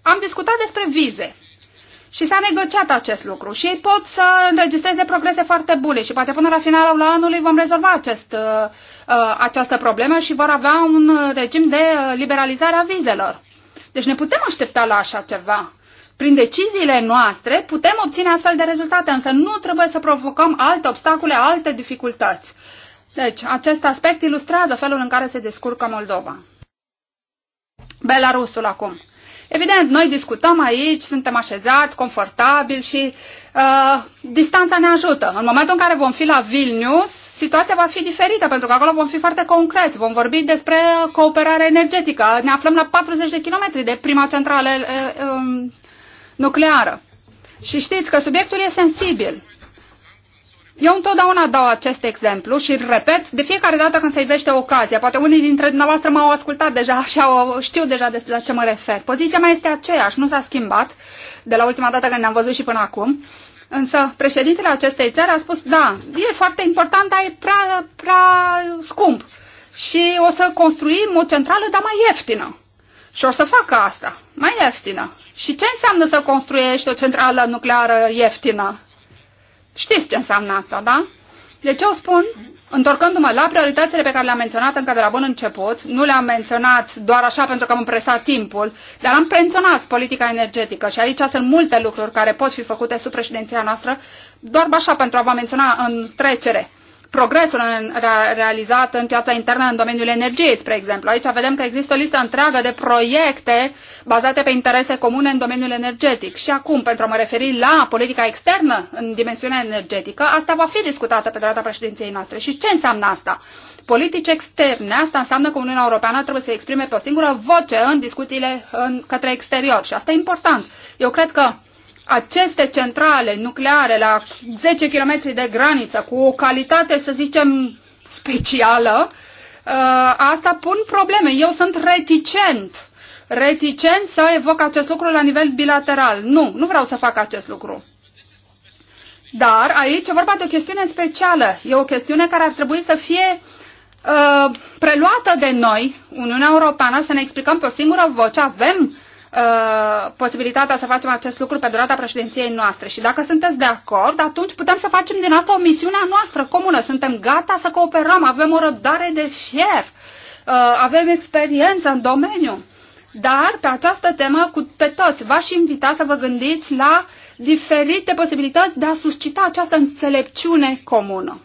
Am discutat despre vize. Și s-a negociat acest lucru și ei pot să înregistreze progrese foarte bune și poate până la finalul anului vom rezolva acest, uh, uh, această problemă și vor avea un regim de uh, liberalizare a vizelor. Deci ne putem aștepta la așa ceva. Prin deciziile noastre putem obține astfel de rezultate, însă nu trebuie să provocăm alte obstacole, alte dificultăți. Deci, acest aspect ilustrează felul în care se descurcă Moldova. Belarusul acum. Evident, noi discutăm aici, suntem așezați, confortabil și uh, distanța ne ajută. În momentul în care vom fi la Vilnius, situația va fi diferită, pentru că acolo vom fi foarte concreți. Vom vorbi despre cooperare energetică. Ne aflăm la 40 de kilometri de prima centrală uh, uh, nucleară. Și știți că subiectul e sensibil. Eu întotdeauna dau acest exemplu și îl repet de fiecare dată când se ivește ocazia. Poate unii dintre dumneavoastră m-au ascultat deja și au, știu deja despre la ce mă refer. Poziția mea este aceeași, nu s-a schimbat de la ultima dată când ne-am văzut și până acum. Însă președintele acestei țări a spus, da, e foarte important, dar e prea, prea scump. Și o să construim o centrală, dar mai ieftină. Și o să facă asta, mai ieftină. Și ce înseamnă să construiești o centrală nucleară ieftină? Știți ce înseamnă asta, da? De Deci o spun, întorcându-mă la prioritățile pe care le-am menționat încă de la bun început, nu le-am menționat doar așa pentru că am presat timpul, dar am menționat politica energetică și aici sunt multe lucruri care pot fi făcute sub președinția noastră, doar așa pentru a vă menționa în trecere progresul realizat în piața internă în domeniul energiei, spre exemplu. Aici vedem că există o listă întreagă de proiecte bazate pe interese comune în domeniul energetic. Și acum, pentru a mă referi la politica externă în dimensiunea energetică, asta va fi discutată pe durata președinției noastre. Și ce înseamnă asta? Politici externe, asta înseamnă că Uniunea Europeană trebuie să exprime pe o singură voce în discuțiile în, către exterior. Și asta e important. Eu cred că aceste centrale nucleare la 10 km de graniță, cu o calitate, să zicem, specială, uh, asta pun probleme. Eu sunt reticent, reticent să evoc acest lucru la nivel bilateral. Nu, nu vreau să fac acest lucru. Dar aici e vorba de o chestiune specială. E o chestiune care ar trebui să fie uh, preluată de noi, Uniunea Europeană, să ne explicăm pe o singură voce. Avem Uh, posibilitatea să facem acest lucru pe durata președinției noastre. Și dacă sunteți de acord, atunci putem să facem din asta o misiune a noastră comună. Suntem gata să cooperăm, avem o răbdare de fier, uh, avem experiență în domeniu. Dar pe această temă, cu, pe toți, v-aș invita să vă gândiți la diferite posibilități de a suscita această înțelepciune comună.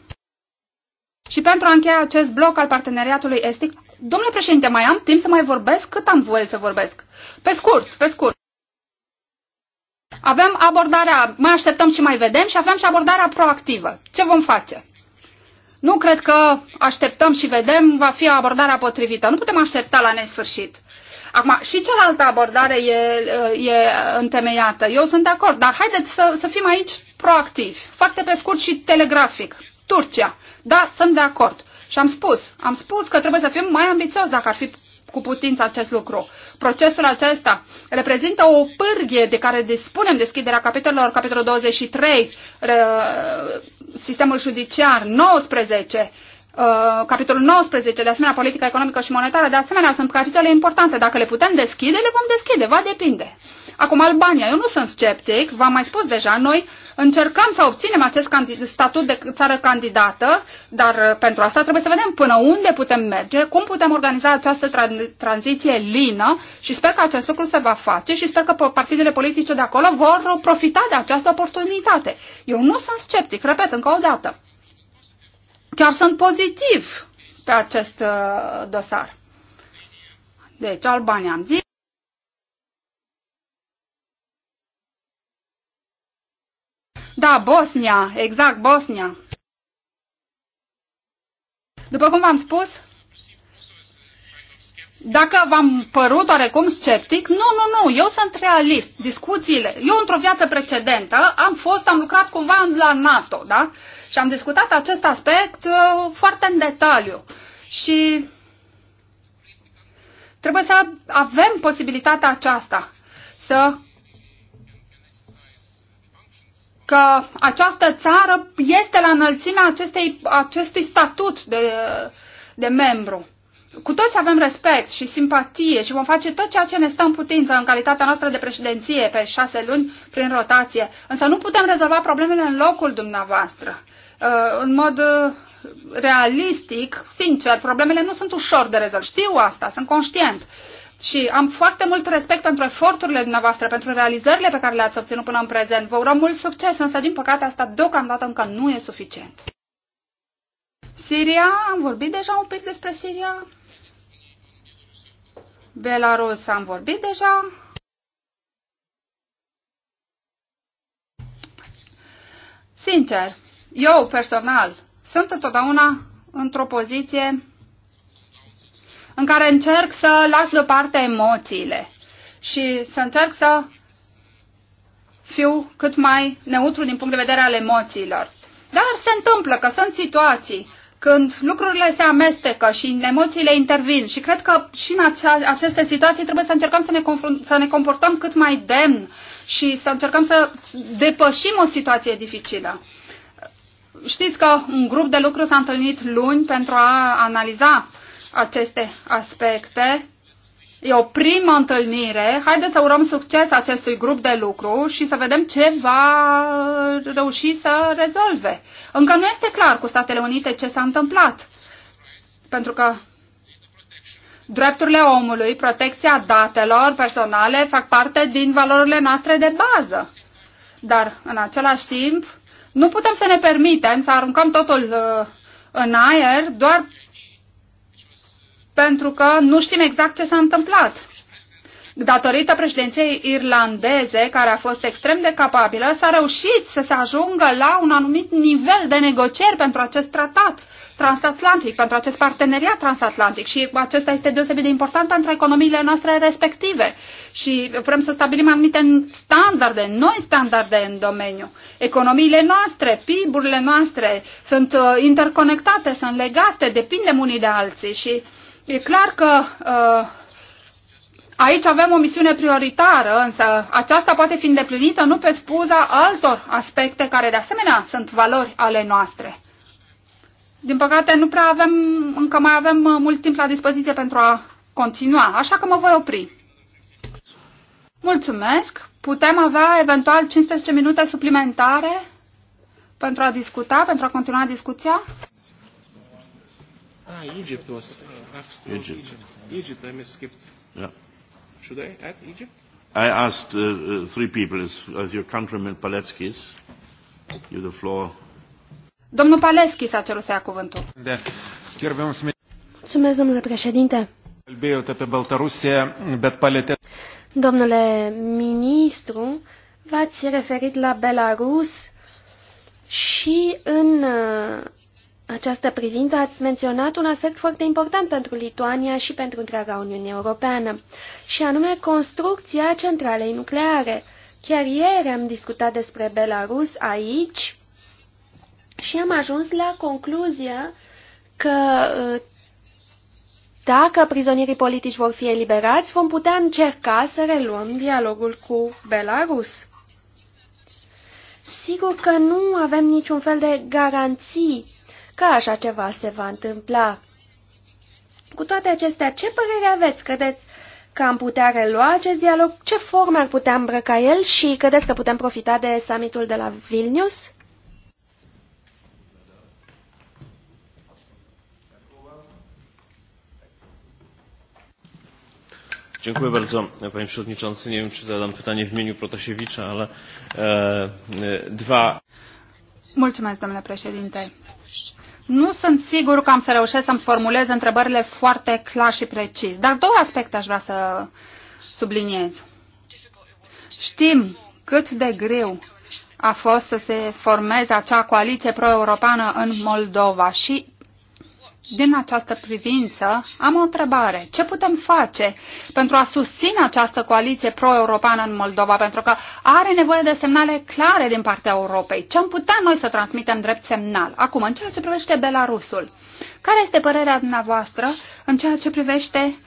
Și pentru a încheia acest bloc al parteneriatului estic, Domnule președinte, mai am timp să mai vorbesc? Cât am voie să vorbesc? Pe scurt, pe scurt. Avem abordarea, mai așteptăm și mai vedem și avem și abordarea proactivă. Ce vom face? Nu cred că așteptăm și vedem va fi abordarea potrivită. Nu putem aștepta la nesfârșit. Acum, și cealaltă abordare e, e întemeiată. Eu sunt de acord, dar haideți să, să fim aici proactivi. Foarte pe scurt și telegrafic. Turcia. Da, sunt de acord. Și am spus, am spus că trebuie să fim mai ambițioși dacă ar fi cu putință acest lucru. Procesul acesta reprezintă o pârghie de care dispunem deschiderea capitolelor, capitolul 23, sistemul judiciar 19, uh, capitolul 19, de asemenea politica economică și monetară, de asemenea sunt capitole importante. Dacă le putem deschide, le vom deschide, va depinde. Acum, Albania, eu nu sunt sceptic, v-am mai spus deja, noi încercăm să obținem acest statut de țară candidată, dar uh, pentru asta trebuie să vedem până unde putem merge, cum putem organiza această tra tranziție lină și sper că acest lucru se va face și sper că partidele politice de acolo vor profita de această oportunitate. Eu nu sunt sceptic, repet încă o dată. Chiar sunt pozitiv pe acest uh, dosar. Deci, Albania am zis. Da, Bosnia, exact, Bosnia. După cum v-am spus, dacă v-am părut oarecum sceptic, nu, nu, nu, eu sunt realist. Discuțiile, eu într-o viață precedentă am fost, am lucrat cumva la NATO, da? Și am discutat acest aspect uh, foarte în detaliu. Și trebuie să avem posibilitatea aceasta, să că această țară este la înălțimea acestei, acestui statut de, de membru. Cu toți avem respect și simpatie și vom face tot ceea ce ne stă în putință în calitatea noastră de președinție pe șase luni prin rotație, însă nu putem rezolva problemele în locul dumneavoastră. Uh, în mod uh, realistic, sincer, problemele nu sunt ușor de rezolvat. Știu asta, sunt conștient și am foarte mult respect pentru eforturile dumneavoastră, pentru realizările pe care le-ați obținut până în prezent. Vă urăm mult succes, însă din păcate asta deocamdată încă nu e suficient. Siria, am vorbit deja un pic despre Siria. Belarus am vorbit deja. Sincer, eu personal sunt întotdeauna într-o poziție în care încerc să las deoparte emoțiile și să încerc să fiu cât mai neutru din punct de vedere al emoțiilor. Dar se întâmplă că sunt situații când lucrurile se amestecă și emoțiile intervin și cred că și în acea, aceste situații trebuie să încercăm să ne, să ne comportăm cât mai demn și să încercăm să depășim o situație dificilă. Știți că un grup de lucru s-a întâlnit luni pentru a analiza aceste aspecte. E o primă întâlnire. Haideți să urăm succes acestui grup de lucru și să vedem ce va reuși să rezolve. Încă nu este clar cu Statele Unite ce s-a întâmplat. Pentru că drepturile omului, protecția datelor personale fac parte din valorile noastre de bază. Dar, în același timp, nu putem să ne permitem să aruncăm totul uh, în aer doar pentru că nu știm exact ce s-a întâmplat. Datorită președinției irlandeze, care a fost extrem de capabilă, s-a reușit să se ajungă la un anumit nivel de negocieri pentru acest tratat transatlantic, pentru acest parteneriat transatlantic și acesta este deosebit de important pentru economiile noastre respective și vrem să stabilim anumite standarde, noi standarde în domeniu. Economiile noastre, PIB-urile noastre sunt uh, interconectate, sunt legate, depindem unii de alții și uh, E clar că uh, aici avem o misiune prioritară, însă aceasta poate fi îndeplinită nu pe spuza altor aspecte care de asemenea sunt valori ale noastre. Din păcate, nu prea avem, încă mai avem uh, mult timp la dispoziție pentru a continua, așa că mă voi opri. Mulțumesc! Putem avea eventual 15 minute suplimentare pentru a discuta, pentru a continua discuția? Ah, Egypt was uh, after Egypt. Egypt. Egypt, I skipped. Yeah. Should I add Egypt? I asked uh, uh three people, as, as your countryman Paletskis, you the floor. Domnul s a cerut să ia cuvântul. Da. Mulțumesc, domnule președinte. pe Băltarusia, bet palete. Domnule ministru, v-ați referit la Belarus și în uh, această privință ați menționat un aspect foarte important pentru Lituania și pentru întreaga Uniune Europeană, și anume construcția centralei nucleare. Chiar ieri am discutat despre Belarus aici și am ajuns la concluzia că ă, dacă prizonierii politici vor fi eliberați, vom putea încerca să reluăm dialogul cu Belarus. Sigur că nu avem niciun fel de garanții că așa ceva se va întâmpla. Cu toate acestea, ce părere aveți? Credeți că am putea relua acest dialog? Ce forme ar putea îmbrăca el și credeți că putem profita de summitul de la Vilnius? Dziękuję bardzo panie przewodniczący. Nie wiem czy zadam pytanie w imieniu Protasiewicza, ale e, e, dwa Mulțumesc, domnule președinte. Nu sunt sigur că am să reușesc să-mi formulez întrebările foarte clar și precis, dar două aspecte aș vrea să subliniez. Știm cât de greu a fost să se formeze acea coaliție pro-europeană în Moldova și din această privință, am o întrebare. Ce putem face pentru a susține această coaliție pro-europeană în Moldova? Pentru că are nevoie de semnale clare din partea Europei. Ce am putea noi să transmitem drept semnal? Acum, în ceea ce privește Belarusul, care este părerea dumneavoastră în ceea ce privește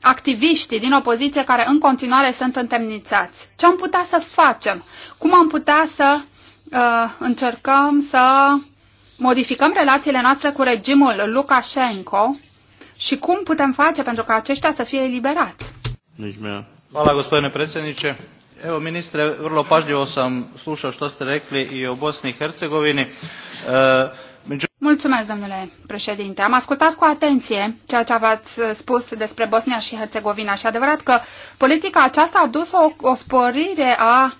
activiștii din opoziție care în continuare sunt întemnițați? Ce am putea să facem? Cum am putea să uh, încercăm să modificăm relațiile noastre cu regimul Lukashenko și cum putem face pentru ca aceștia să fie eliberați. Nici Hvala, gospodine predsjedniče. Evo, ministre, vrlo pažljivo sam slušao što ste rekli i o Bosni i Hercegovini. Mulțumesc, domnule președinte. Am ascultat cu atenție ceea ce v-ați spus despre Bosnia și Herțegovina și adevărat că politica aceasta a dus o, o sporire a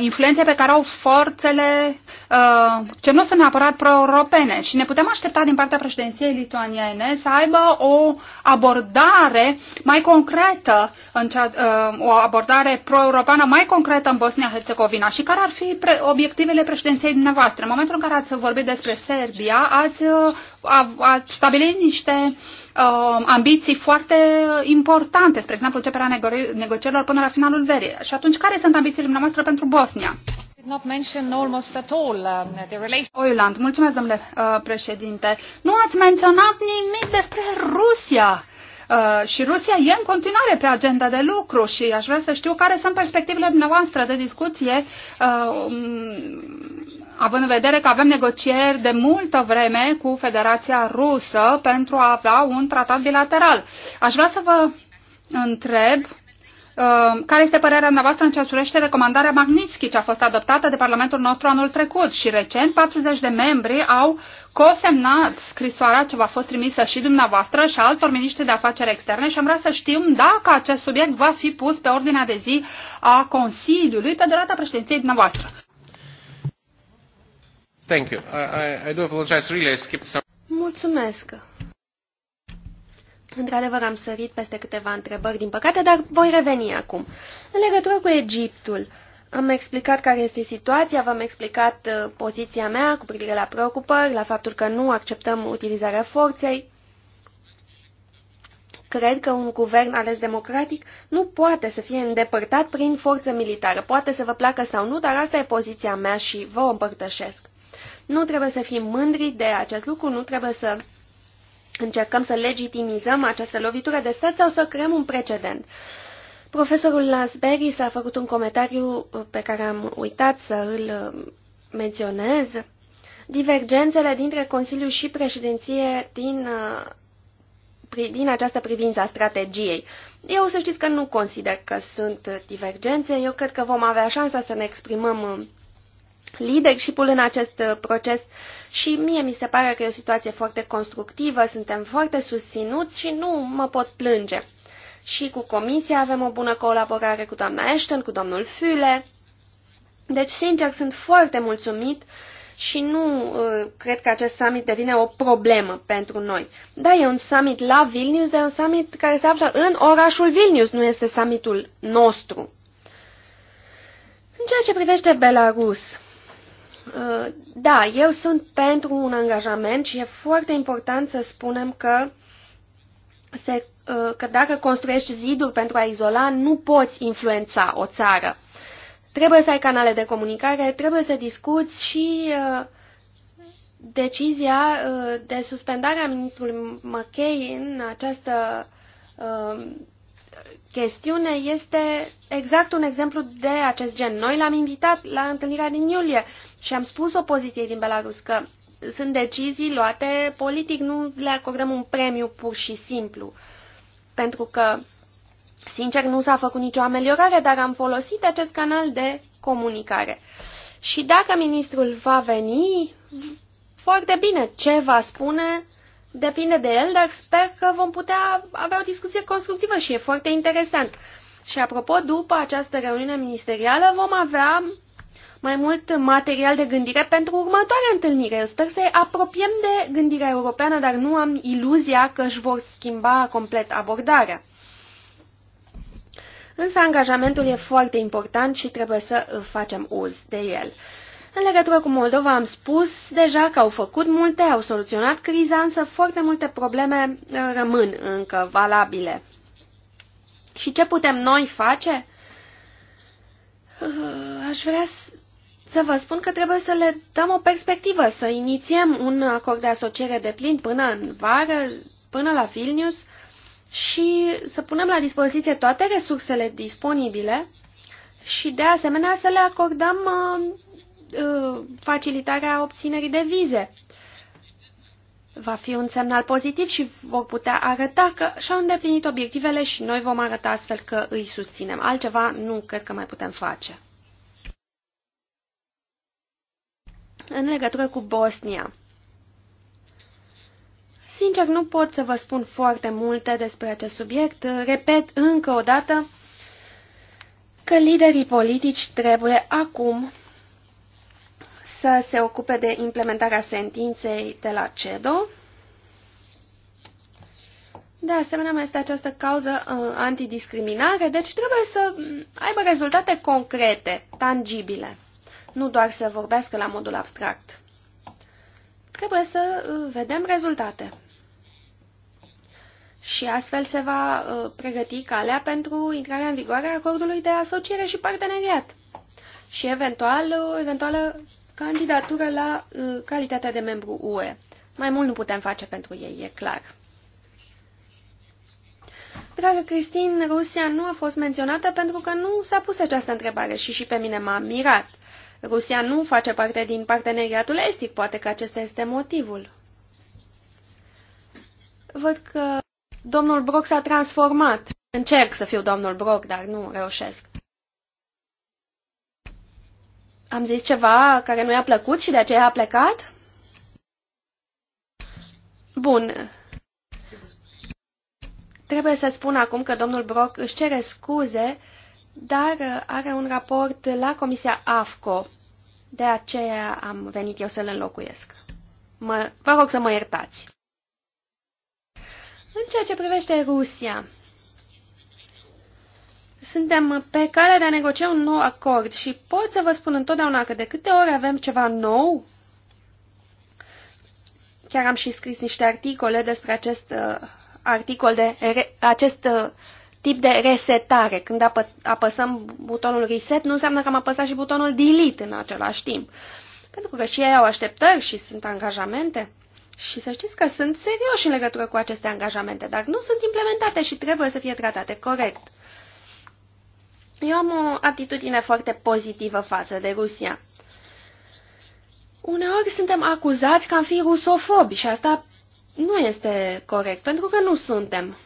influențe pe care au forțele ce nu sunt neapărat pro-europene și ne putem aștepta din partea președinției lituaniene să aibă o abordare mai concretă, în cea, o abordare pro-europeană mai concretă în Bosnia-Herzegovina și care ar fi obiectivele președinției dumneavoastră. În momentul în care ați vorbit despre Serbia, ați, ați stabilit niște uh, uh, ambiții foarte importante, spre exemplu începerea nego negocierilor până la finalul verii. Și atunci, care sunt ambițiile noastre pentru Bosnia? Um, Oiland, mulțumesc, domnule uh, președinte. Nu ați menționat nimic despre Rusia. Uh, și Rusia e în continuare pe agenda de lucru și aș vrea să știu care sunt perspectivele dumneavoastră de discuție uh, um, având în vedere că avem negocieri de multă vreme cu Federația Rusă pentru a avea un tratat bilateral. Aș vrea să vă întreb uh, care este părerea noastră în ceea ce urește recomandarea Magnitsky, ce a fost adoptată de Parlamentul nostru anul trecut și recent 40 de membri au cosemnat scrisoarea ce v-a fost trimisă și dumneavoastră și altor miniștri de afaceri externe și am vrea să știm dacă acest subiect va fi pus pe ordinea de zi a Consiliului pe durata președinției dumneavoastră. Thank you. I, I, I do apologize. Really, I skipped some... Mulțumesc. Într-adevăr, am sărit peste câteva întrebări, din păcate, dar voi reveni acum. În legătură cu Egiptul, am explicat care este situația, v-am explicat uh, poziția mea cu privire la preocupări, la faptul că nu acceptăm utilizarea forței. Cred că un guvern ales democratic nu poate să fie îndepărtat prin forță militară. Poate să vă placă sau nu, dar asta e poziția mea și vă o împărtășesc. Nu trebuie să fim mândri de acest lucru, nu trebuie să încercăm să legitimizăm această lovitură de stat sau să creăm un precedent. Profesorul Lasberry s-a făcut un comentariu uh, pe care am uitat să îl uh, menționez. Divergențele dintre Consiliu și președinție din, uh, din această privință a strategiei. Eu să știți că nu consider că sunt divergențe, eu cred că vom avea șansa să ne exprimăm leadership-ul în acest uh, proces și mie mi se pare că e o situație foarte constructivă, suntem foarte susținuți și nu mă pot plânge. Și cu Comisia avem o bună colaborare cu doamna Ashton, cu domnul Füle. Deci, sincer, sunt foarte mulțumit și nu uh, cred că acest summit devine o problemă pentru noi. Da, e un summit la Vilnius, dar e un summit care se află în orașul Vilnius, nu este summitul nostru. În ceea ce privește Belarus, Uh, da, eu sunt pentru un angajament și e foarte important să spunem că, se, uh, că dacă construiești ziduri pentru a izola, nu poți influența o țară. Trebuie să ai canale de comunicare, trebuie să discuți și uh, decizia de suspendare a ministrului McKay în această chestiune este exact un exemplu de acest gen. Noi l-am invitat la întâlnirea din iulie și am spus opoziției din Belarus că sunt decizii luate politic, nu le acordăm un premiu pur și simplu. Pentru că, sincer, nu s-a făcut nicio ameliorare, dar am folosit acest canal de comunicare. Și dacă ministrul va veni, foarte bine, ce va spune depinde de el, dar sper că vom putea avea o discuție constructivă și e foarte interesant. Și apropo, după această reuniune ministerială vom avea mai mult material de gândire pentru următoarea întâlnire. Eu sper să apropiem de gândirea europeană, dar nu am iluzia că își vor schimba complet abordarea. Însă angajamentul e foarte important și trebuie să facem uz de el. În legătură cu Moldova am spus deja că au făcut multe, au soluționat criza, însă foarte multe probleme uh, rămân încă valabile. Și ce putem noi face? Uh, aș vrea să vă spun că trebuie să le dăm o perspectivă, să inițiem un acord de asociere de plin până în vară, până la Vilnius și să punem la dispoziție toate resursele disponibile și de asemenea să le acordăm uh, uh, facilitarea obținerii de vize. Va fi un semnal pozitiv și vor putea arăta că și-au îndeplinit obiectivele și noi vom arăta astfel că îi susținem. Altceva nu cred că mai putem face. în legătură cu Bosnia. Sincer, nu pot să vă spun foarte multe despre acest subiect. Repet încă o dată că liderii politici trebuie acum să se ocupe de implementarea sentinței de la CEDO. De asemenea, mai este această cauză uh, antidiscriminare, deci trebuie să aibă rezultate concrete, tangibile nu doar să vorbească la modul abstract. Trebuie să uh, vedem rezultate. Și astfel se va uh, pregăti calea pentru intrarea în vigoare a acordului de asociere și parteneriat și eventual uh, o eventuală candidatură la calitatea de membru UE. Mai mult nu putem face pentru ei, e clar. Dragă Cristin, Rusia nu a fost menționată pentru că nu s-a pus această întrebare și și pe mine m-a mirat. Rusia nu face parte din parteneriatul estic, poate că acesta este motivul. Văd că domnul Brock s-a transformat. Încerc să fiu domnul Brock, dar nu reușesc. Am zis ceva care nu i-a plăcut și de aceea a plecat? Bun. Trebuie să spun acum că domnul Brock își cere scuze dar uh, are un raport la Comisia AFCO, de aceea am venit eu să-l înlocuiesc. Mă, vă rog să mă iertați. În ceea ce privește Rusia, suntem pe cale de a negocia un nou acord și pot să vă spun întotdeauna că de câte ori avem ceva nou, chiar am și scris niște articole despre acest uh, articol de acest uh, tip de resetare. Când apă, apăsăm butonul reset, nu înseamnă că am apăsat și butonul delete în același timp. Pentru că și ei au așteptări și sunt angajamente. Și să știți că sunt serioși în legătură cu aceste angajamente, dar nu sunt implementate și trebuie să fie tratate corect. Eu am o atitudine foarte pozitivă față de Rusia. Uneori suntem acuzați că am fi rusofobi și asta nu este corect, pentru că nu suntem.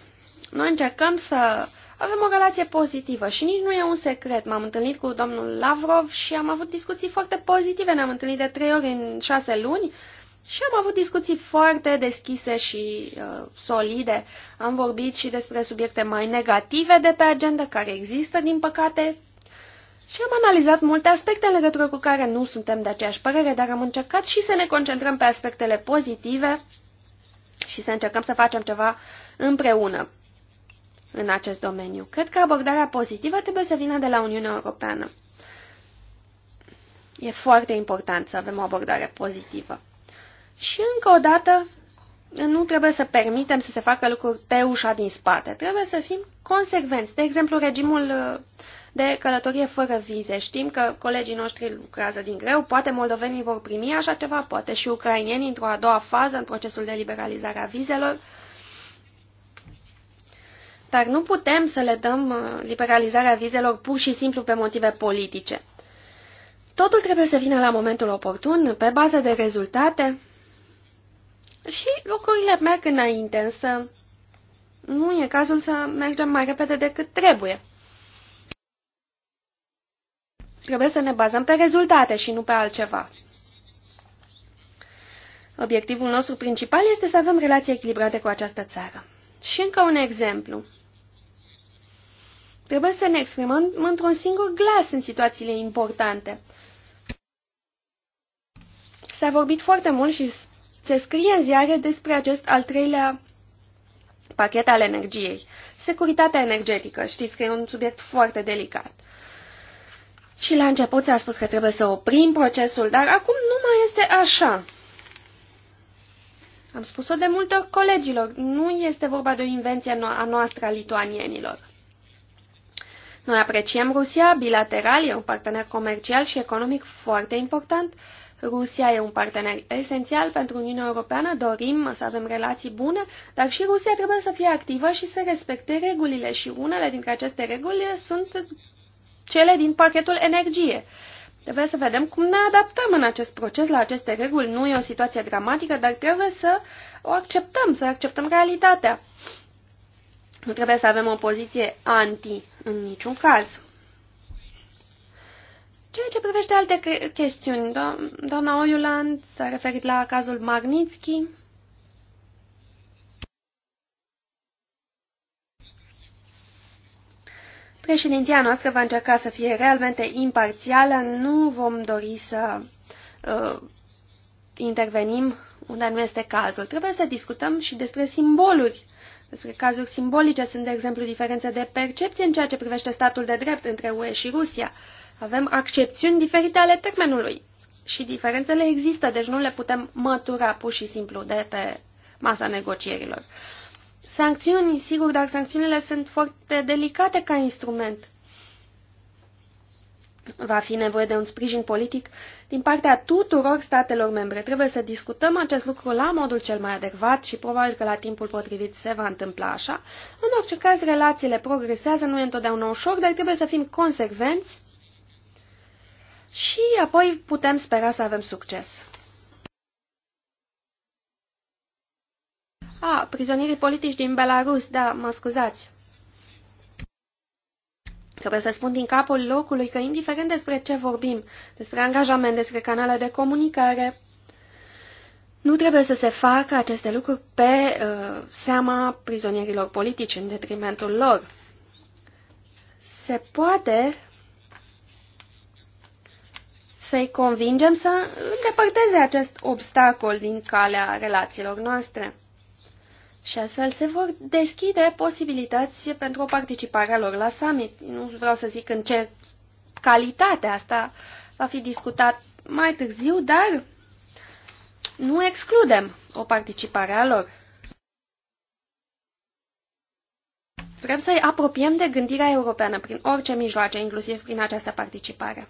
Noi încercăm să avem o relație pozitivă și nici nu e un secret. M-am întâlnit cu domnul Lavrov și am avut discuții foarte pozitive. Ne-am întâlnit de trei ori în șase luni și am avut discuții foarte deschise și uh, solide. Am vorbit și despre subiecte mai negative de pe agenda, care există, din păcate, și am analizat multe aspecte în legătură cu care nu suntem de aceeași părere, dar am încercat și să ne concentrăm pe aspectele pozitive și să încercăm să facem ceva împreună în acest domeniu. Cred că abordarea pozitivă trebuie să vină de la Uniunea Europeană. E foarte important să avem o abordare pozitivă. Și încă o dată, nu trebuie să permitem să se facă lucruri pe ușa din spate. Trebuie să fim consecvenți. De exemplu, regimul uh, de călătorie fără vize. Știm că colegii noștri lucrează din greu, poate moldovenii vor primi așa ceva, poate și ucrainienii într-o a doua fază în procesul de liberalizare a vizelor. Dar nu putem să le dăm uh, liberalizarea vizelor pur și simplu pe motive politice. Totul trebuie să vină la momentul oportun, pe bază de rezultate și lucrurile merg înainte, însă nu e cazul să mergem mai repede decât trebuie. Trebuie să ne bazăm pe rezultate și nu pe altceva. Obiectivul nostru principal este să avem relații echilibrate cu această țară. Și încă un exemplu. Trebuie să ne exprimăm într-un singur glas în situațiile importante. S-a vorbit foarte mult și se scrie în ziare despre acest al treilea pachet al energiei. Securitatea energetică, știți că e un subiect foarte delicat. Și la început s-a spus că trebuie să oprim procesul, dar acum nu mai este așa. Am spus-o de multe ori colegilor, nu este vorba de o invenție a noastră a lituanienilor. Noi apreciem Rusia bilateral, e un partener comercial și economic foarte important. Rusia e un partener esențial pentru Uniunea Europeană, dorim să avem relații bune, dar și Rusia trebuie să fie activă și să respecte regulile și unele dintre aceste reguli sunt cele din pachetul energie. Trebuie să vedem cum ne adaptăm în acest proces la aceste reguli. Nu e o situație dramatică, dar trebuie să o acceptăm, să acceptăm realitatea. Nu trebuie să avem o poziție anti în niciun caz. Ceea ce privește alte chestiuni, do doamna Oiuland s-a referit la cazul Magnitsky. Președinția noastră va încerca să fie realmente imparțială, nu vom dori să uh, intervenim unde nu este cazul. Trebuie să discutăm și despre simboluri, despre cazuri simbolice. Sunt, de exemplu, diferențe de percepție în ceea ce privește statul de drept între UE și Rusia. Avem accepțiuni diferite ale termenului și diferențele există, deci nu le putem mătura pur și simplu de pe masa negocierilor. Sancțiuni, sigur, dar sancțiunile sunt foarte delicate ca instrument. Va fi nevoie de un sprijin politic din partea tuturor statelor membre. Trebuie să discutăm acest lucru la modul cel mai adecvat și probabil că la timpul potrivit se va întâmpla așa. În orice caz, relațiile progresează, nu e întotdeauna ușor, dar trebuie să fim consecvenți și apoi putem spera să avem succes. A, prizonierii politici din Belarus, da, mă scuzați. Trebuie să spun din capul locului că, indiferent despre ce vorbim, despre angajament, despre canale de comunicare, nu trebuie să se facă aceste lucruri pe uh, seama prizonierilor politici, în detrimentul lor. Se poate să-i convingem să îndepărteze acest obstacol din calea relațiilor noastre. Și astfel se vor deschide posibilități pentru o participare a lor la summit. Nu vreau să zic în ce calitate asta va fi discutat mai târziu, dar nu excludem o participare a lor. Vrem să-i apropiem de gândirea europeană prin orice mijloace, inclusiv prin această participare.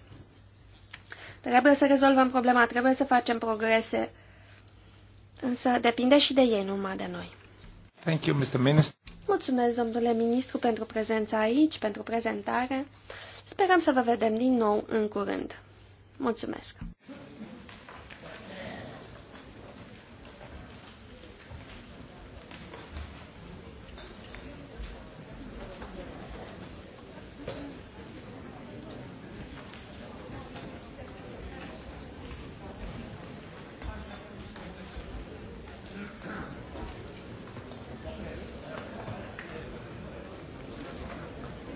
Trebuie să rezolvăm problema, trebuie să facem progrese, însă depinde și de ei, numai de noi. Thank you, Mr. Minister. Mulțumesc, domnule ministru, pentru prezența aici, pentru prezentare. Sperăm să vă vedem din nou în curând. Mulțumesc!